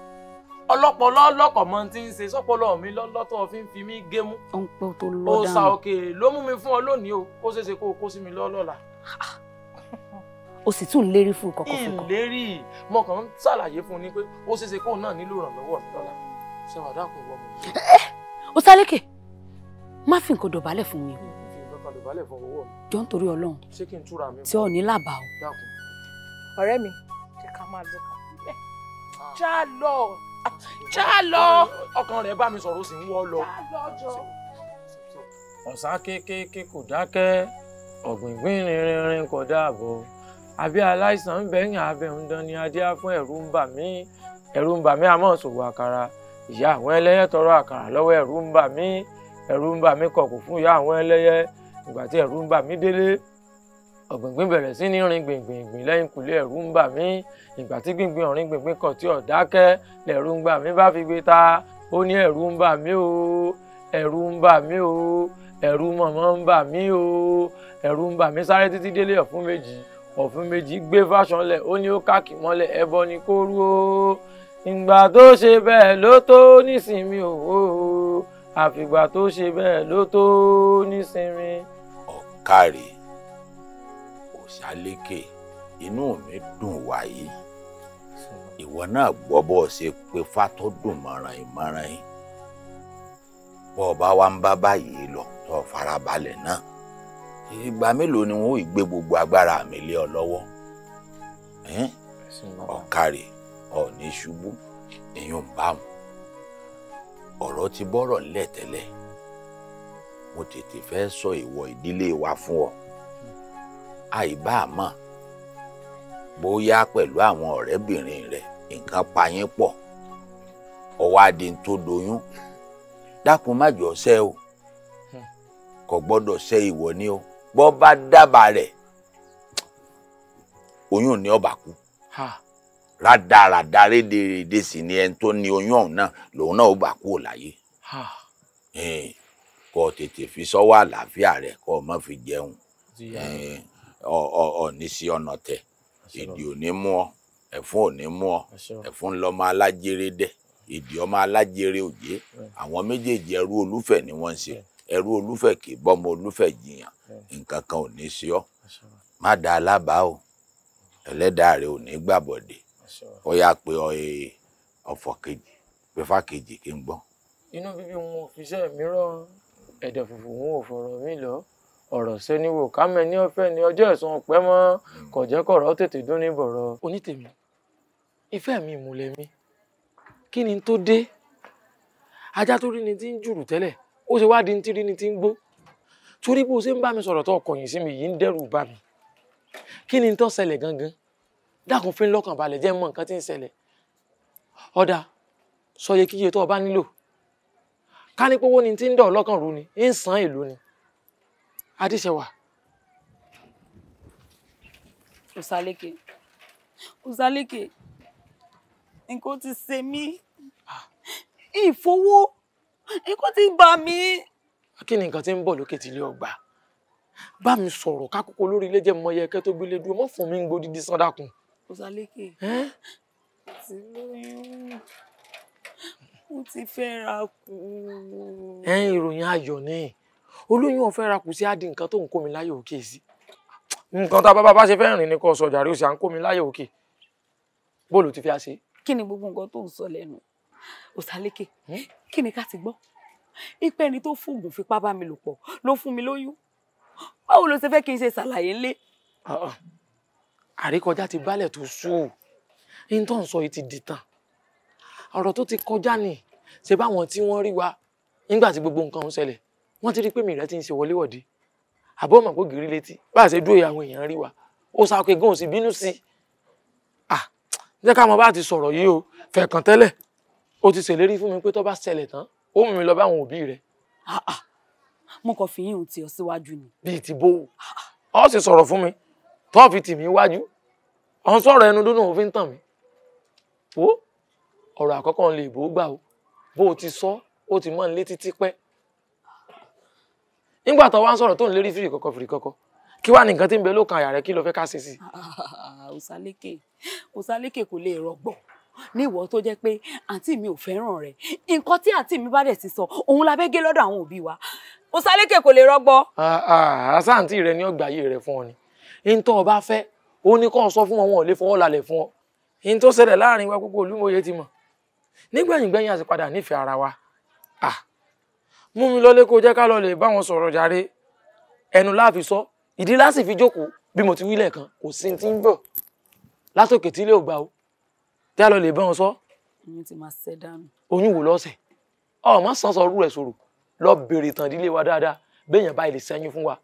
ọlọ́pọlọ ọlọ́kọ̀mọ ti ń ṣe sọ́pọlọ mi lọ́tọ̀ fi ń fi mí gémú. ó ń pẹ́ tó lọ dáhùn. ó sa òkè ló mú mi fún ọ lónìí o ó ṣeéṣe kó o kó sí mi lọ́lọ́la o sì tún lérí fún kọkọ fún kọ. ìlérí mo kàn ń ṣàlàyé fún un ni pé ó ṣeéṣe kóun náà nílò ìrànlọ́wọ́ mi lọ́la ṣe wàdà kò wọ́n mi. ẹ eh, ó eh, sálékè má fi nǹkan dọ̀bálẹ̀ fún mi o dọ̀bálẹ̀ fún owó mi. jọ ń torí Ọlọ́run ṣé kí n túra mi. tí ò ní làbà o. dákun. ọ̀rẹ́ mi jẹ́ ká máa lọ kàkúlẹ̀ ah. já ah, lọ já lọ. ọkàn rẹ̀ bá mi sọ̀rọ̀ ó sì ń wọ́ lọ. já lọ jọ. ọ̀sán kéékèèké kò dákẹ́ ọ̀gbìngbìn rinrinrin kò dáàbò àbí aláìsàn ń bẹ̀yìn abẹ́ ń dán ni adé fún ẹ̀rù ń bà mí ẹ̀rù ń bà mí àmọ́ ṣòwò àkàrà ìyá àwọn ẹlẹ́yẹ tọrọ àkàrà lọ́wọ́ ẹ̀rù ń bà mí ẹ̀rù ń bà mí kọ̀kọ̀ fún ìyá àwọn ẹlẹ́yẹ ìgbà tí ẹ̀rù ń bà mí délé ọ̀gbìngbìn bẹ̀rẹ̀ sí ní rin gbìngbìngbìn lẹ́yìn kùlé ẹ̀rù ń bà mí ìgbà tí gbìngbìn ọ̀rin gbìngbìn kan tí ọ̀dákẹ́ lẹ̀rù ń bà mí bá fi gbé ta ó ní ẹ̀rù ń bà mí o ẹ̀rù ń bà mí o ẹ̀rù mọ̀mọ́ ń bà mí o ẹ̀rù ń bà mí sáré títí délé ọ̀fun méjì ọ̀fun méjì gbé fáṣán lẹ̀ ó ní ó káàkì mọ́lẹ̀ ẹbọ ni kó rú o ìgbà tó ṣe bẹ́ẹ̀ ló tó nísìnyí o àfìgbà tó ṣe bẹ́ẹ̀ ló tó nísinmi. ọ̀kàrè òṣàlékè inú mi dùn wáyé ìwọ náà gbọ́ bó o ṣe pé fátó dùn mọ́ràn ìmọ̀ràn yìí bó o bá wá ń bá báyìí lọ tó o farabalẹ̀ náà ìgbà mélòó ni wọn ò gbé gbogbo agbára mi lé ọ lọ́wọ́ ọ̀kàrè ọ̀ní ṣubú èèyàn bá wọn ọ̀rọ̀ ti bọ́rọ̀ ńlẹ̀ tẹ́lẹ̀ mo tètè fẹ́ sọ ìwọ ìdílé wa fún ọ àìbá àmọ́ bóyá pẹ̀lú àwọn ọ̀rẹ́bìnrin rẹ nǹkan pa yín pọ̀ ọwọ́ adé ń tó doyún dákun má jọ ṣẹ́ o kò gbọ́dọ̀ ṣẹ́ ìwọ ni o bọ́ bá dábàá rẹ̀ oyún ni ọba kú. Ha rádaràda rédèrèdè sì ni ẹni tó ní oyún ọ̀hún náà lòun náà ó gbà kúrò láyé kó tètè fi sọ́wọ́ àlàáfíà rẹ̀ kó má fi jẹun ọ̀ọ̀ni sí ọ̀nà tẹ̀ ìdí ò ní mú ọ ẹ̀fún ò ní mú ọ ẹ̀fún lọ́mọ alájèrè dẹ̀ ìdí ọmọ alájèrè òjé àwọn méjèèjì ẹrú olúfẹ̀ ni wọ́n ń ṣe ẹrú olúfẹ̀ kì í bọ́mọ olúfẹ̀ jiyàn nǹkan kan ò ní sí ọ má da alábàá o ẹlẹ́dàá rẹ ò ní gbàbọ̀dé ó yà pé ọ̀fọ̀ kejì pẹ̀fà kejì kí n gbọ́. inú bíbí wọn ò fi iṣẹ́ mi rọ ẹ̀dẹ̀ fùfù wọn ò fọ̀rọ̀ mi lọ ọ̀rọ̀ sẹ́niwò kámẹ́ ní ọ̀fẹ́ ní ọjọ́ ẹ̀sùn ọ̀pẹ́ mọ́ hmm. kọ̀jẹ́kọ̀rọ̀ tètè dún ní bọ̀rọ̀. onítèmi ìfẹ́ mi ìmùlẹ̀ mi kí ni tó dé ajá tó rí ni ti ń jùrù tẹ́lẹ̀ ó ṣe wáá di ní ti rí ni ti ń gbó torí bó ṣe ń bá mi sọ̀rọ̀ tó ọkọ̀yìn sí mi yìí ń dẹ́rù bá mi kí ni tó ṣẹlẹ̀ gangan dákun fi ń lọ́kàn balẹ̀ jẹ́ mọ̀ nǹkan tí ń ṣẹlẹ̀ ọ̀dà sọye kíye tó o bá nílò ká ní pówó ni tí ń dọ̀ lọ́kàn rú ni ń san èlò ni adíṣẹwà. òsàlékè òsàlékè nǹkan ti ṣe mí ìfowó nǹkan ti bà mí. kí ni nǹkan tí ń bọ̀ lókè tí ilé ọgbà bá mi sọ̀rọ̀ kákòókò lórí ilé jẹ́ mọ́yẹ́kẹ́ tó gbélé dúró mọ́ fún mi ń gbódìdí sán dákun kò sálékè ti lóyún ó ti fẹ́ ra kù. ẹ ìròyìn ayọ̀ ni olóyún ọ̀fẹ́ ra kù sí á di nǹkan tó ń kó mi láyọ̀ òkè sí nǹkan tá a bá bá ṣe fẹ́ rìn ní kò sọ jàre òsì à ń kó mi láyọ̀ òkè bóòlù ti fi á ṣe. kí ni gbogbo nǹkan tó ń sọ lẹ́nu òsàlékè kí ni ká ti gbọ́ ipe ẹni tó fóògùn fipá bá mi lò pọ̀ ló fún mi lóyún báwo ló ṣe fẹ́ kí n ṣe ṣàlàyé ńlẹ̀. Ah, ah àríkọjá ti bálẹ̀ tó sùn ní tó ń sọ yìí ti dìtàn ọ̀rọ̀ tó ti kọjá nì ṣe báwọn tí wọ́n rí wa nígbà tí gbogbo nǹkan ń ṣẹlẹ̀ wọ́n ti rí pé mìíràn ti ń ṣe wọléwọ̀de àbọ̀ ọmọ kò gírí létí bá a ṣe dúró àwọn èèyàn rí wa ó sa ọkẹ gan ò sì bínú sí i ah jẹ́ ká mọ bá ti sọ̀rọ̀ yìí o fẹ̀kàn tẹ́lẹ̀ ó ti ṣèlérí fún mi pé tó bá ṣẹlẹ̀ tán ó mú mi lọ bá òbí rẹ̀ ah ah mo kàn fi yín òun ti ọ síwájú ni. bíi ti bó ọ sì sọ̀rọ̀ fún mi tó fi tì mí wájú ọ̀n sọ̀rọ̀ ẹnu dúnú òfin tàn mí wo ọ̀rọ̀ àkọ́kọ́ ń lè bò ó gbà o bó o ti sọ ó ti mọ́ ń létí tipẹ́ nígbà tó wá ń sọ̀rọ̀ tó ń lérí fìrì kọ̀kọ̀ fìrì kọ̀kọ̀ kí wá ní nǹkan tí ń bẹ lókàn àyà rẹ kí lo fẹ́ ká ṣe sí. òsàlékè òsàlékè kò lè rọgbọ ní ìwọ tó jẹ́ pé àǹtí mi ò fẹ́ràn rẹ nǹkan tí àǹtí mi bá dẹ̀ ti sọ òun la fẹ́ gé lọ́dọ̀ àwọn òbí wa òsàlékè kò lè rọgbọ. Ah, ah, àṣà àǹtí rẹ ni ọgbà yìí rẹ fún ọ ni in tó bá fẹ́ ó ní kọ́ sọ fún wọn wọn ò lè fọwọ́ lálẹ̀ fún ọ in tó ṣẹlẹ̀ láàrin wa gbogbo olúmọye ti mọ̀ nígbẹ̀yìngbẹ̀yìn àti padà nífẹ̀ẹ́ ara wa ah mú mi lọlé kó jẹ́ ká lọ lè bá wọn sọ̀rọ̀ jàre ẹnu láàfi sọ ìdí láti fi jókòó bí mo ti wí lẹ́ẹ̀kan kò sí ti ń bọ̀ látòkè tí ilé ò gbà ó tí a lọ lè bá wọn sọ. oyún ti máa ṣẹ́ dànù. oyún wò lọ́sẹ̀ ọmọ sàn sọ rú ẹ̀ sòrò lọ bèrè tàn dílé wa dáadáa béèyàn báyìí lè ṣẹ́yún fún wa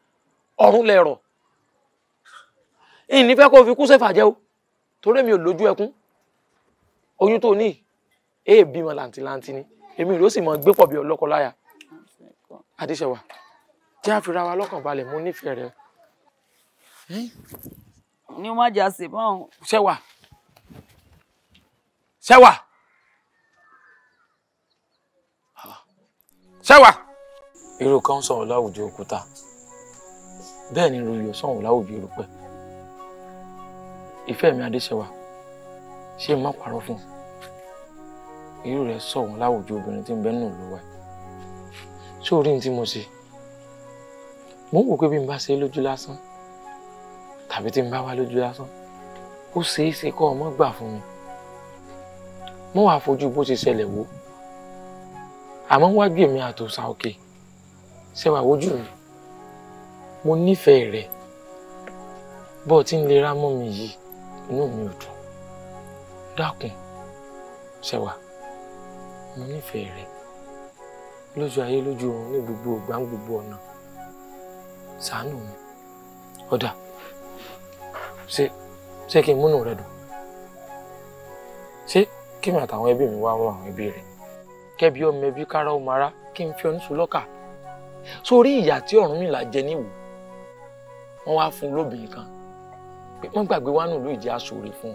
ọ̀run lẹ̀rọ̀ ìní fẹ́ kó fi kú ṣe fàjẹ́ o torí mi ò lójú ẹkún oyún tó ní èè bímọ làǹtìlàǹtì ni èmi ìlú sì mọ gbé pọ̀ bí ọlọ́kọ láyà adéṣẹwà tí a fi ra wa lọ́kàn balẹ̀ mo nífẹ̀ẹ́ rẹ. ni wọn jà sí mọ. ṣẹwà ṣẹwà ṣẹwà. èrò kan sọ̀rọ̀ láwùjọ òkúta bẹ́ẹ̀ ni ròyìn sọ̀rọ̀ láwùjọ erùpẹ̀ ìfẹ́ mi adéṣẹ́wà ṣé má parọ́ fún un irú rẹ̀ sọ̀wọ́n láwùjọ obìnrin tí ń bẹ nù lówà ṣé orí ní tí mo ṣe mo ń wò pé bí n bá ṣe lójú lásán tàbí tí n bá wá lójú lásán ó ṣeé ṣe kọ́ ọmọ gbà fún mi mo wàá fojú bó ṣe ṣẹlẹ̀ wò àmọ́ wájú èmi àtòsà òkè ṣẹwà wojú mi mo nífẹ̀ẹ́ rẹ̀ bọ́ọ̀ tí ń lera mọ́ mi yìí inú mi ò dùn dákun ṣẹwà mo nífẹ̀ẹ́ rẹ lójú ayé lójú òun ní gbogbo ìgbà gbogbo ọ̀nà ṣàánú mi ọ̀dà ṣé ṣé kí n múnú rẹ dùn ṣé kí mi àtàwọn ẹbí mi wá wọn àwọn ẹbí rẹ kẹbi ọmọ ẹbí kára ọmọ ara kí n fi ọ lọ́kà sórí ìyà tí Ọ̀rúnmìlà jẹ níwò wọn wá fún lóbìnrin kan pé wọ́n gbàgbé wánú ìlú ìjẹ́ aṣòre fún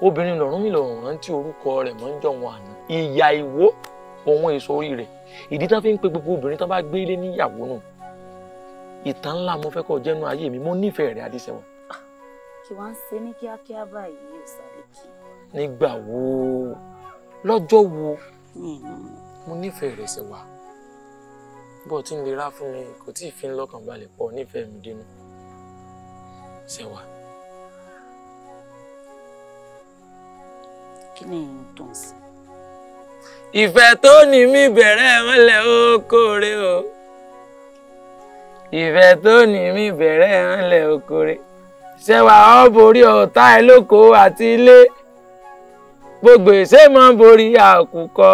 un obìnrin lọ́rùn mi lọ́rùn rántí orúkọ rẹ̀ mọ́ ń jọ wọn àná ìyá ìwó òun èso orí rẹ̀ ìdí tán fi ń pe gbogbo obìnrin tán bá gbé ilé níyàwó nù ìtàn ńlá mo fẹ́ kọ́ jẹ́nu ayé mi mo nífẹ̀ẹ́ rẹ̀ adísẹ́wọ̀n. kí wọ́n ṣe ní kíákíá báyìí yóò sáré kí. nígbà wo lọ́jọ́ wo mo nífẹ̀ẹ́ rẹ̀ ṣẹ̀wà bó ti ń lera fún mi kò tí ì fi ń lọ́kàn balẹ̀ pọ̀ nífẹ̀ẹ́ mi dénú ṣe wà. kí ni n tó ń sìn. ìfẹ́ tó ní mí bẹ̀rẹ̀ mọ́lẹ̀ ó kórè o ìfẹ́ tó ní mí bẹ̀rẹ̀ mọ́lẹ̀ ó kórè ṣẹwà ọ borí ọ̀tá ẹ lóko àti ilé gbogbo ìṣe mọ́ borí àkùkọ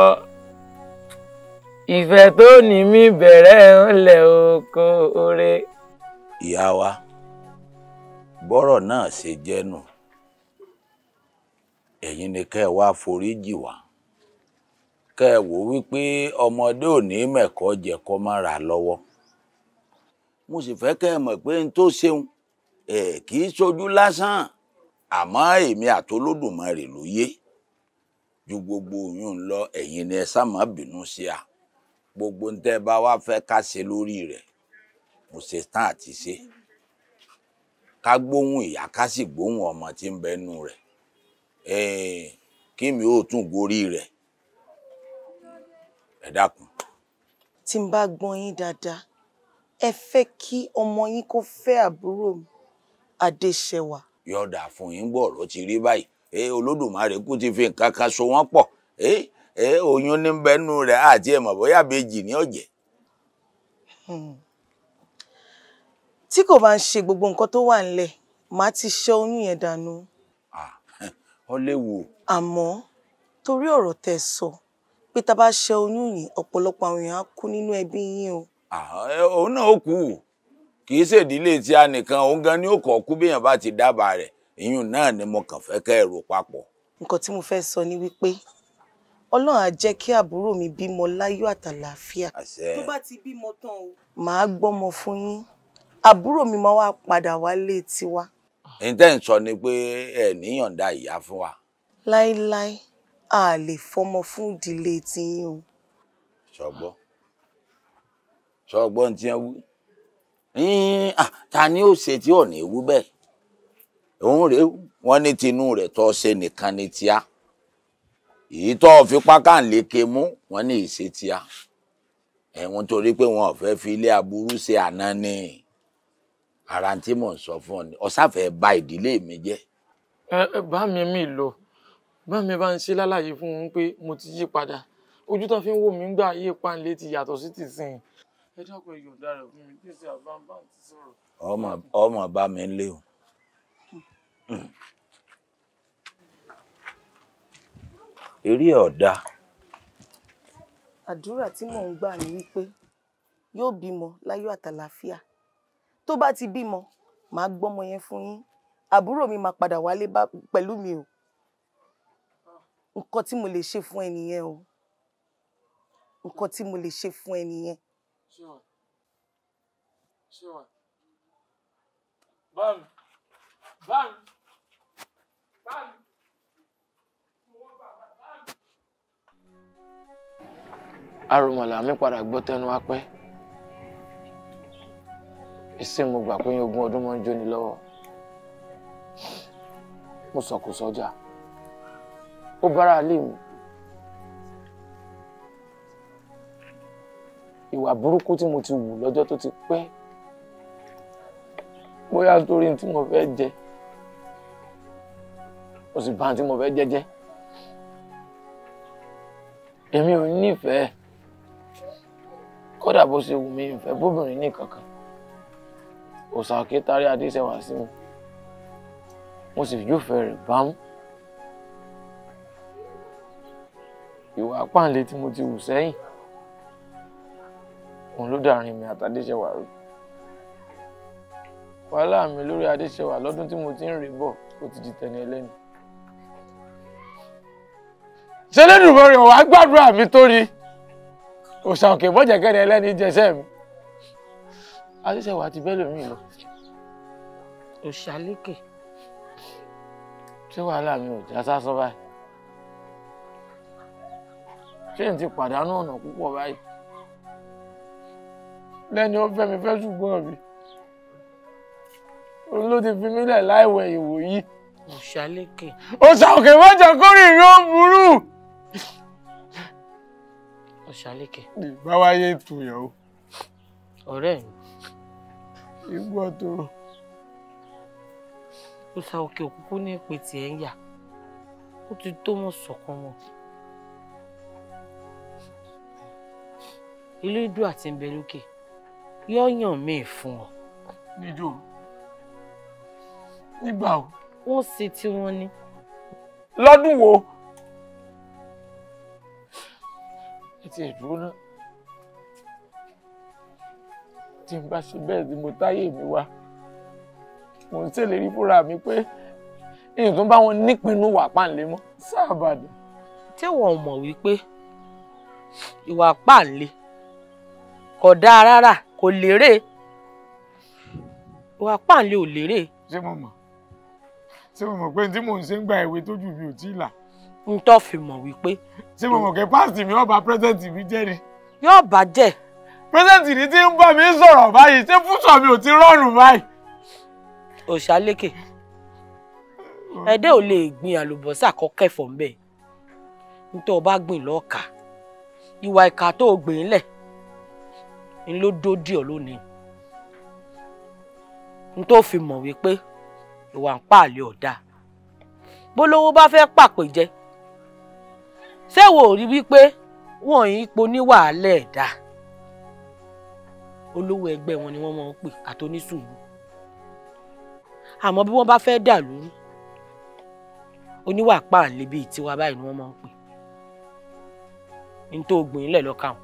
ìfẹ́ tó ní mí bẹ̀rẹ̀ mọ́lẹ̀ ó kórè. ìyá wa. bọ́rọ̀ náà ṣe jẹ́nu Eyi ni kẹ́ ẹ wá foríjì wá kẹ́ ẹ wò wípé ọmọdé ò ní mẹ̀kọ́ jẹ kó má ra lọ́wọ́ mo sì fẹ́ kẹ́ ẹ mọ̀ pé n tó ṣeun ẹ̀ kì í ṣojú lásán àmọ́ èmi àtolódùmarè ló yé ju gbogbo oyún lọ ẹ̀yin ni ẹ sáàmà bínú sí a gbogbo ń tẹ́ bá wá fẹ́ ká ṣe lórí rẹ̀ mo ṣe tán àti ṣe. ká gbóhùn ìyá ká sì gbóhùn ọmọ tí ń bẹnu rẹ̀ kí mi ò tún gorí rẹ̀ ẹ dákun. tí n bá gbọ́n yín dáadáa ẹ fẹ́ kí ọmọ yín kó fẹ́ àbúrò mi adéṣẹwà. yọ̀dà fún yín gbọ̀rọ̀ ti rí báyìí ẹ olódùmarè kú ti fi nǹkan kan so wọ́n pọ̀ ẹ ẹ oyún ní bẹ́nu rẹ̀ àti ẹ̀mọ̀ bóyá bèjì ní ọ̀jẹ̀. Hmm. tí kò bá ń ṣe gbogbo nǹkan tó wà nílẹ̀ màá ti ṣẹ́ oyún yẹn dànù. ó léwu. àmọ́ torí ọ̀rọ̀ tẹ́ ẹ sọ pé tá a bá ṣẹ́ oyún yìí ọ̀pọ̀lọpọ̀ àwọn èèyàn á kú nínú ẹbí yín o. òun náà ó kú kì í ṣèdílé tí a nìkan òun gan ni ó kọ̀ kú bí èèyàn bá ti dábàá rẹ̀ ìyún náà ni mo kàn fẹ́ kẹ́ ẹ̀rọ papọ̀. nǹkan tí mo fẹ́ sọ ni wípé ọlọ́run á jẹ́ kí àbúrò mi bímọ láyọ̀ àtàlàáfíà. tó bá ti bímọ tán o. màá gbọ́mọ fún yín àbúrò mi máa wá padà wálé tiwa. ǹjẹ́ ń sọ ni pé ẹ níyànda ìyá fún wa. láéláé a lè fọmọ fún ìdílé tiyín o. sọgbọ́ sọgbọ́ ti ẹ wú ta ni ó ṣe tí ò ní wú bẹ́ẹ̀ òun rèé wọ́n ní tinú rẹ̀ tó ṣe nìkan ní tíá èyí tó fi pákànléke mú wọ́n ní ìṣe tíá ẹ̀wọ̀n torí pé wọn ò fẹ́ fi ilé aburú ṣe àná ni ara tí mò ń sọ fún ọ ni ọ̀sáfẹ́ bà ìdílé mi jẹ́. ẹ ẹ bá mi mi lọ bá mi bá ń ṣe lálàyé fún un pé mo ti yí padà ojú tó fi ń wò mí gbà yí panlé ti yàtọ̀ sí tìsín ẹ dákun ẹ yọ̀ǹda rẹ̀ fún mi kí n ṣe àbámbá ti sọ̀rọ̀. ọmọ ọmọ bá mi lé o. eré ọ̀dà. àdúrà tí mò ń gbà ni wípé yóò bímọ láyọ̀ àtàlàáfíà tó bá ti bímọ màá gbọ́mọ yẹn fún yín àbúrò mi máa padà wálé pẹ̀lú mi o nǹkan tí mo lè ṣe fún ẹnìyẹn o nǹkan tí mo lè ṣe fún ẹnìyẹn. báàmì báàmì báàmì. mi padà gbọ́ tẹnu apẹ́ ìsìn mo gbà pé yín ogún ọdún máa ń jóni lọ́wọ́ mo sọ̀kò sọ́jà ó bára lé mi ìwà burúkú tí mo ti wù lọ́jọ́ tó ti pẹ́ bóyá torí tí mo fẹ́ jẹ mo sì bá tí mo fẹ́ jẹ́jẹ́ èmi ò nífẹ̀ẹ́ kódà bó ṣe wù mí ìfẹ́ bóbìnrin ní kankan òsàkè tarí adéṣẹ́wà sí mi mo sì fi yófẹ́ rẹ̀ bámú. ìwà pàǹlé tí mo ti hù sẹ́yìn òun ló dàrin mi àtàdéṣẹ́wà rú. wàhálà mi lórí adéṣẹ́wà lọ́dún tí mo ti ń rè bọ̀ ó ti di tẹni ẹlẹ́nu. ṣé lẹ́nu ìwọ rẹ̀ wàá gbàdúrà mi tó ni òsàkè bọ́jẹ̀kẹ́ni ẹlẹ́ni jẹ́sẹ́ mi àṣìṣẹ́wà ti bẹ́ẹ̀ lómi lọ. òṣàlékè. ṣé wàhálà mi ò já sásán báyìí. ṣé n ti pàdánù ọ̀nà púpọ̀ báyìí. lẹ́ni ó fẹ́ mi fẹ́ ṣùgbọ́n mi. òun ló ti fi mí lẹ̀ láìwẹ̀ ìwò yìí. òṣàlékè. òṣàkè má jẹ́ kórìíra ó burú. òṣàlékè. ìbáwáyé tu yẹn o. ọ̀rẹ́ mi igbó àtòrò. ìsà òkè òkúkú ní ìpè tí ẹ ń yà ó ti tó mọ̀ sọ̀kan wọn. ilé ìdúrà ti ń bẹ lókè yóò yàn mí fún ọ. níjó nígbà o. wọ́n ṣe tí wọ́n ní. lọ́dún wo. ẹ ti dúró náà tí n bá ṣe bẹ́ẹ̀ tí mo táyé mi wá mò ń ṣèlérí fúnra mi pé nǹkan bá wọn nípinnu wà páǹlé mọ́ sáàbàdàn. tẹ́wọ̀n mọ̀ wípé ìwà páǹlé kò dáa rárá kò lérè ìwà páǹlé ò lérè. ṣé mo mọ̀ ṣé mo mọ̀ pé tí mò ń ṣe ń gba ìwé tójú mi ò tí ì là. n tó fi mọ̀ wípé. ṣé mo mọ̀ kẹ́ pásítì mi ọba pírẹ́sẹ̀ntì mi jẹ́rìí. yóò bàjẹ́ pírẹsẹ̀ntì ní ti ń bá mi sọ̀rọ̀ báyìí ṣé fúnṣọ̀ mi ò ti rọrùn báyìí. òṣàlékè ẹdẹ ò lè gbin àlùbọ́sà kọ́kẹ́fọ̀ ńbẹ̀ nítorí ọba gbìn lọ́ọ̀ka ìwà ìka tó o gbìn lẹ̀ ń ló dódì ọ́ lónìí nítorí fi mọ̀ wípé ìwà ń pààlè ọ̀dà bólówó bá fẹ́ pàpè jẹ ṣé wo rí wípé wọ́n yìí po ní wàhálà ẹ̀dá. E olówó ẹgbẹ́ wọn ni wọ́n máa ń pè àtọ́nísùúrù àmọ́ bí wọ́n bá fẹ́ dà lóru oníwà páàlẹ́ bíi tiwa báyìí ni wọ́n máa ń pè ní tó gbìn ílẹ̀ lọ́ka wọn.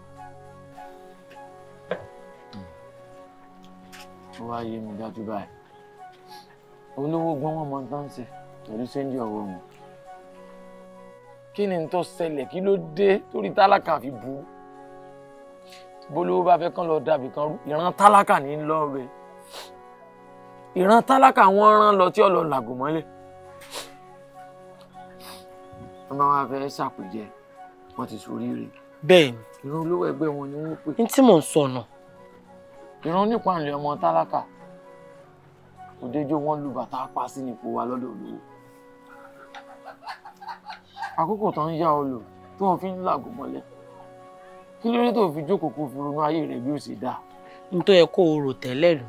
ó wá yé mi dájú báyìí olówó gbọ́n wọn máa ń tán ṣe torí sẹ́ńdí ọ̀rọ̀ wọn kí ni n tó ṣẹlẹ̀ kí ló dé torí tálákà fi bu bólówó bá fẹ́ kán lọ dàbí kan rú ìran tálákà ní lọ rẹ ìran tálákà wọn rán lọ tí ọlọ làgò mọ́lẹ̀ wọn bá wá fẹ́ ṣàpèjẹ wọn ti sórí rẹ. bẹ́ẹ̀ni. ìran olówó ẹgbẹ́ wọn ni wọn pè. n tí mò ń sọnà. ìran nípàǹlẹ ọmọ tálákà òdejò wọn lu bàtà pa sí nípò wa lọ́dọ̀ olówó àkókò tó ń yá ọ lò tí wọn fi ń làgò mọ́lẹ̀ kí ló dé tó fi jókòó kó fi ronú ayé rẹ bí ó ṣe dáa. n tó yẹ kó o rò tẹ́lẹ̀ lò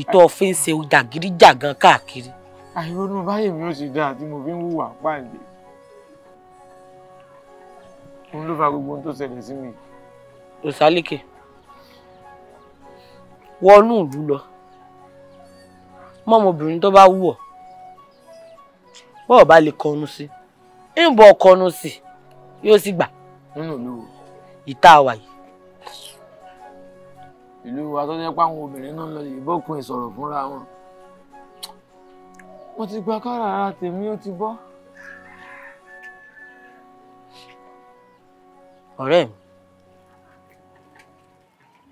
ìtọ́ fi ń ṣe jàgídíjàgan káàkiri. àìrònú báyìí mi ò ṣe dáa tí mo fi ń hùwà páàlì. òun ló fa gbogbo ohun tó ṣẹlẹ̀ sí mi. òsálíkè wọnú ìlú lọ mọ́mọbìnrin tó bá wù ọ́ bọ́ọ̀ bá lè kọnu sí ń bọ̀ kọnu sí yóò sì gbà. nínú ìlú wo ìta àwà yìí. ìlú wa tó jẹ́ páwọn obìnrin náà lọ yìí bókun ìsọ̀rọ̀ fúnra wọn. mo ti gba kára ara tèmi ó ti bọ́. ọ̀rẹ́ mi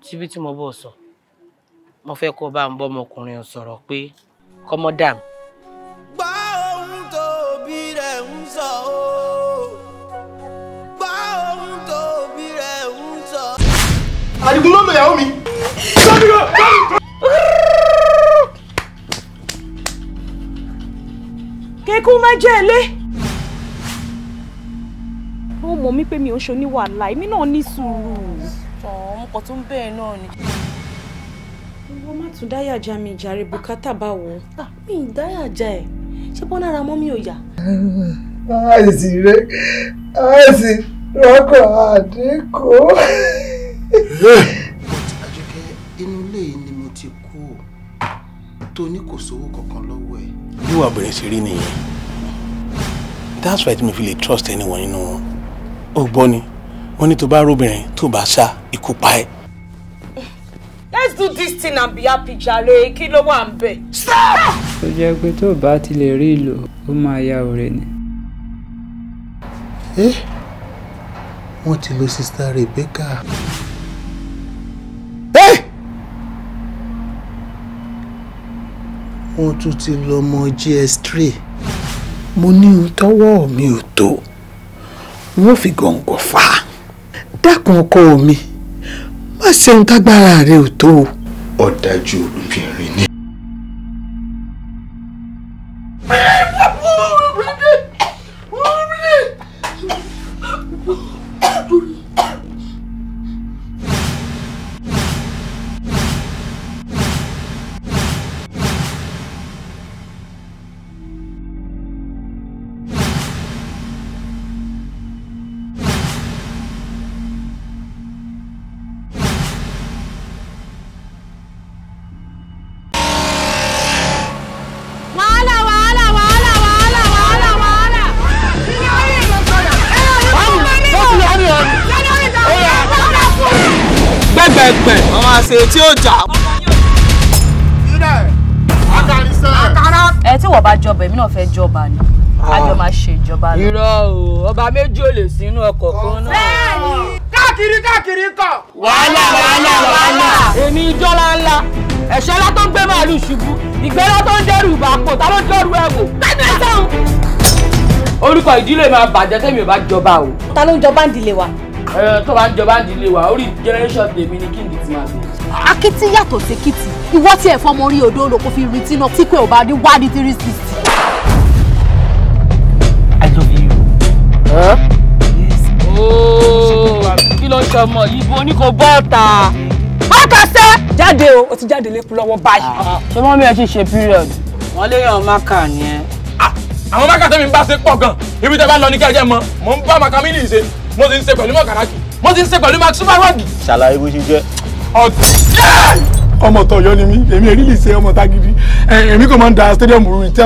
síbi tí mo bọ̀ sọ mo fẹ́ kó bá ń bọ́ ọmọkùnrin sọ̀rọ̀ pé kọ́mọ́dà mi Àdìgún ló lọ ìyàwó mi. Kékú má jẹ́ ilé. Ó mọ̀ mí pé mi ò ń ṣe oníwàhálà, èmi náà ní sùúrù. Ọ̀hún kò tún bẹ́ẹ̀ náà ni. Ìwọ má tún dáyà já mi jàre bùkátà báwo. Mi ì dáyà já ẹ̀, ṣé bọ́n lára mọ́ mi ò yá? Àìsí rẹ̀, àìsí rọ́kọ̀ àdínkù àjọkẹ́ inú ilé yìí ni mo ti kú o tó kò sówó kankan lọ́wọ́ ẹ̀. bí wàá bẹ̀rẹ̀ sí rí nìyẹn that's why mi fi lè trust anyone nínú wọn ó gbọ́ ni wọ́n ní tó bá róbìnrin tó bá sá ikú pa ẹ́. let's do this thing and be happy jare kí ló wà ń bẹ. ó jẹ́ pé tó bá ti lè rí ìlò ó máa ya ọ̀rẹ́ ni. Eh? wọ́n ti lo sista Rebecca. wọ́n tún ti lọ gs3 mo ní ohun tọ́wọ́ mi ò tó wọ́n fi gọ̀ǹgọ̀ fà á dákun ọkọ mi má ṣe ohun tágbára rẹ ò tó ọ̀dájú olùbìnrin. ọba méjì ò lè sínú ọkọ̀ kan náà. káàkiri káàkiri kọ. wàhálà wàhálà wàhálà. èmi ìjọra ńlá ẹ̀ṣọ́ ńlá tó ń gbé màálù ṣubú ìgbéra tó ń dẹ́rù ìbàpò ta ló dọ́rù ẹ̀wò. tẹ́tẹ́ sọ́hun. orúkọ ìdílé máa bàjẹ́ tẹ́mi ò bá jọba o. ta ló ń jọba ń dilé wa. ẹ tó bá ń jọba ń dilé wa orí generation tèmi ni kíndì ti máa bẹ̀rẹ̀ akitì yàtọ̀ sí kìtì ìwọ tí ẹ̀fọn mo rí fi rí tí náà tí kò bá ní wá ní three sixty. kí ló ń ṣe ọmọ yìí bo ní kò bọ́ ọ̀tà. bọ́ọ̀tà ṣe. jáde o o ti jáde lẹ́kùn lọ́wọ́ báyìí. Ah, ah. ṣé mọ́mí ẹ ti ṣe period wọ́n lé yan máka nìyẹn. Ah, àwọn máka tẹ́mi ń bá ṣe pọ̀ gan ibi tẹ́ bá lọ ní kí ẹ jẹ́ mọ́ mò ń bá màkà mi nìyí ṣe mo ti ń ṣe pẹ̀lú mọ̀kàràkì mo ti ń ṣe pẹ̀lú max superhug. ṣàlàyé bó ṣe jẹ́. ọ̀tún ọmọ tọyọ ni mí èmi èrí lè ṣe ọmọ tágídí èmi kò máa ń da stadium rú tẹ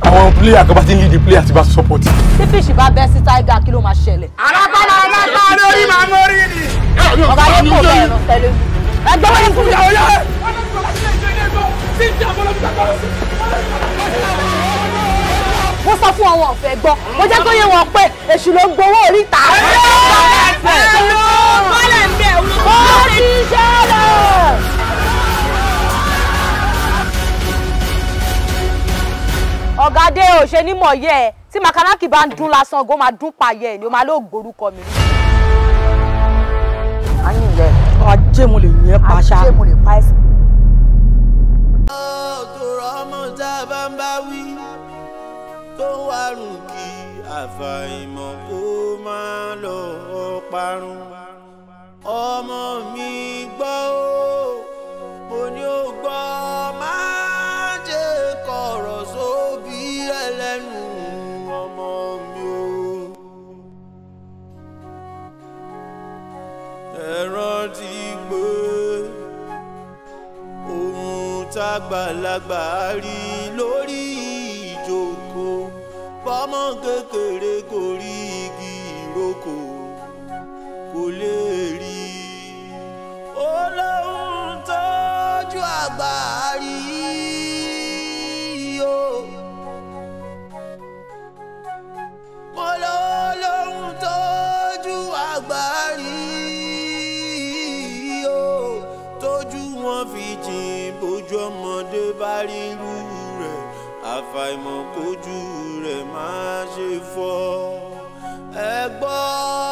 àwọn player kan bá ti ń lead player ti bá support. tí fíìsì bá bẹ́ sí tiger kí ló máa ṣẹlẹ̀. alábàlá alábàlá lórí màá mórí ni. ọba yẹn kò bẹ̀rẹ̀ lọ tẹ́lẹ̀ ẹgbẹ́ wọn kú yàwó yá. mo sọ fún ọwọ́ ọ̀fẹ́ gbọ́ mo jẹ́ kó yé wọn pé èṣù ló ń gbowó oríta. ẹ ló bọ́lẹ̀ ń bẹ̀ wọ́n. ó ti jẹ́ ọ̀gá dé ò ṣe ní mọ̀ọ́yẹ́ ẹ̀ tí makanaki bá ń dún lásán ògo máa dún payẹ́ ẹ̀ ni ó máa ló gborúkọ mi. ayinlẹ ajé mo lè yẹn pa ṣá. ajé mo lè pa ẹsẹ. tòrọ ọmọ tá a bá ń bá wí tó wà rùn kí àfàìmọ̀ kó máa lọ parun ọmọ mi gbọ́ ó mo ní òkú. tàgbàlagbà rí lórí ìjókòó bọ́mọ kékeré kò rí igi ìrókò kò lè rí olóhùn tójú àgbà rí i. ọmọdé bá rí irú rẹ̀ àfàìmọ̀ kójú rẹ̀ má ṣe fọ́ ẹ gbọ́.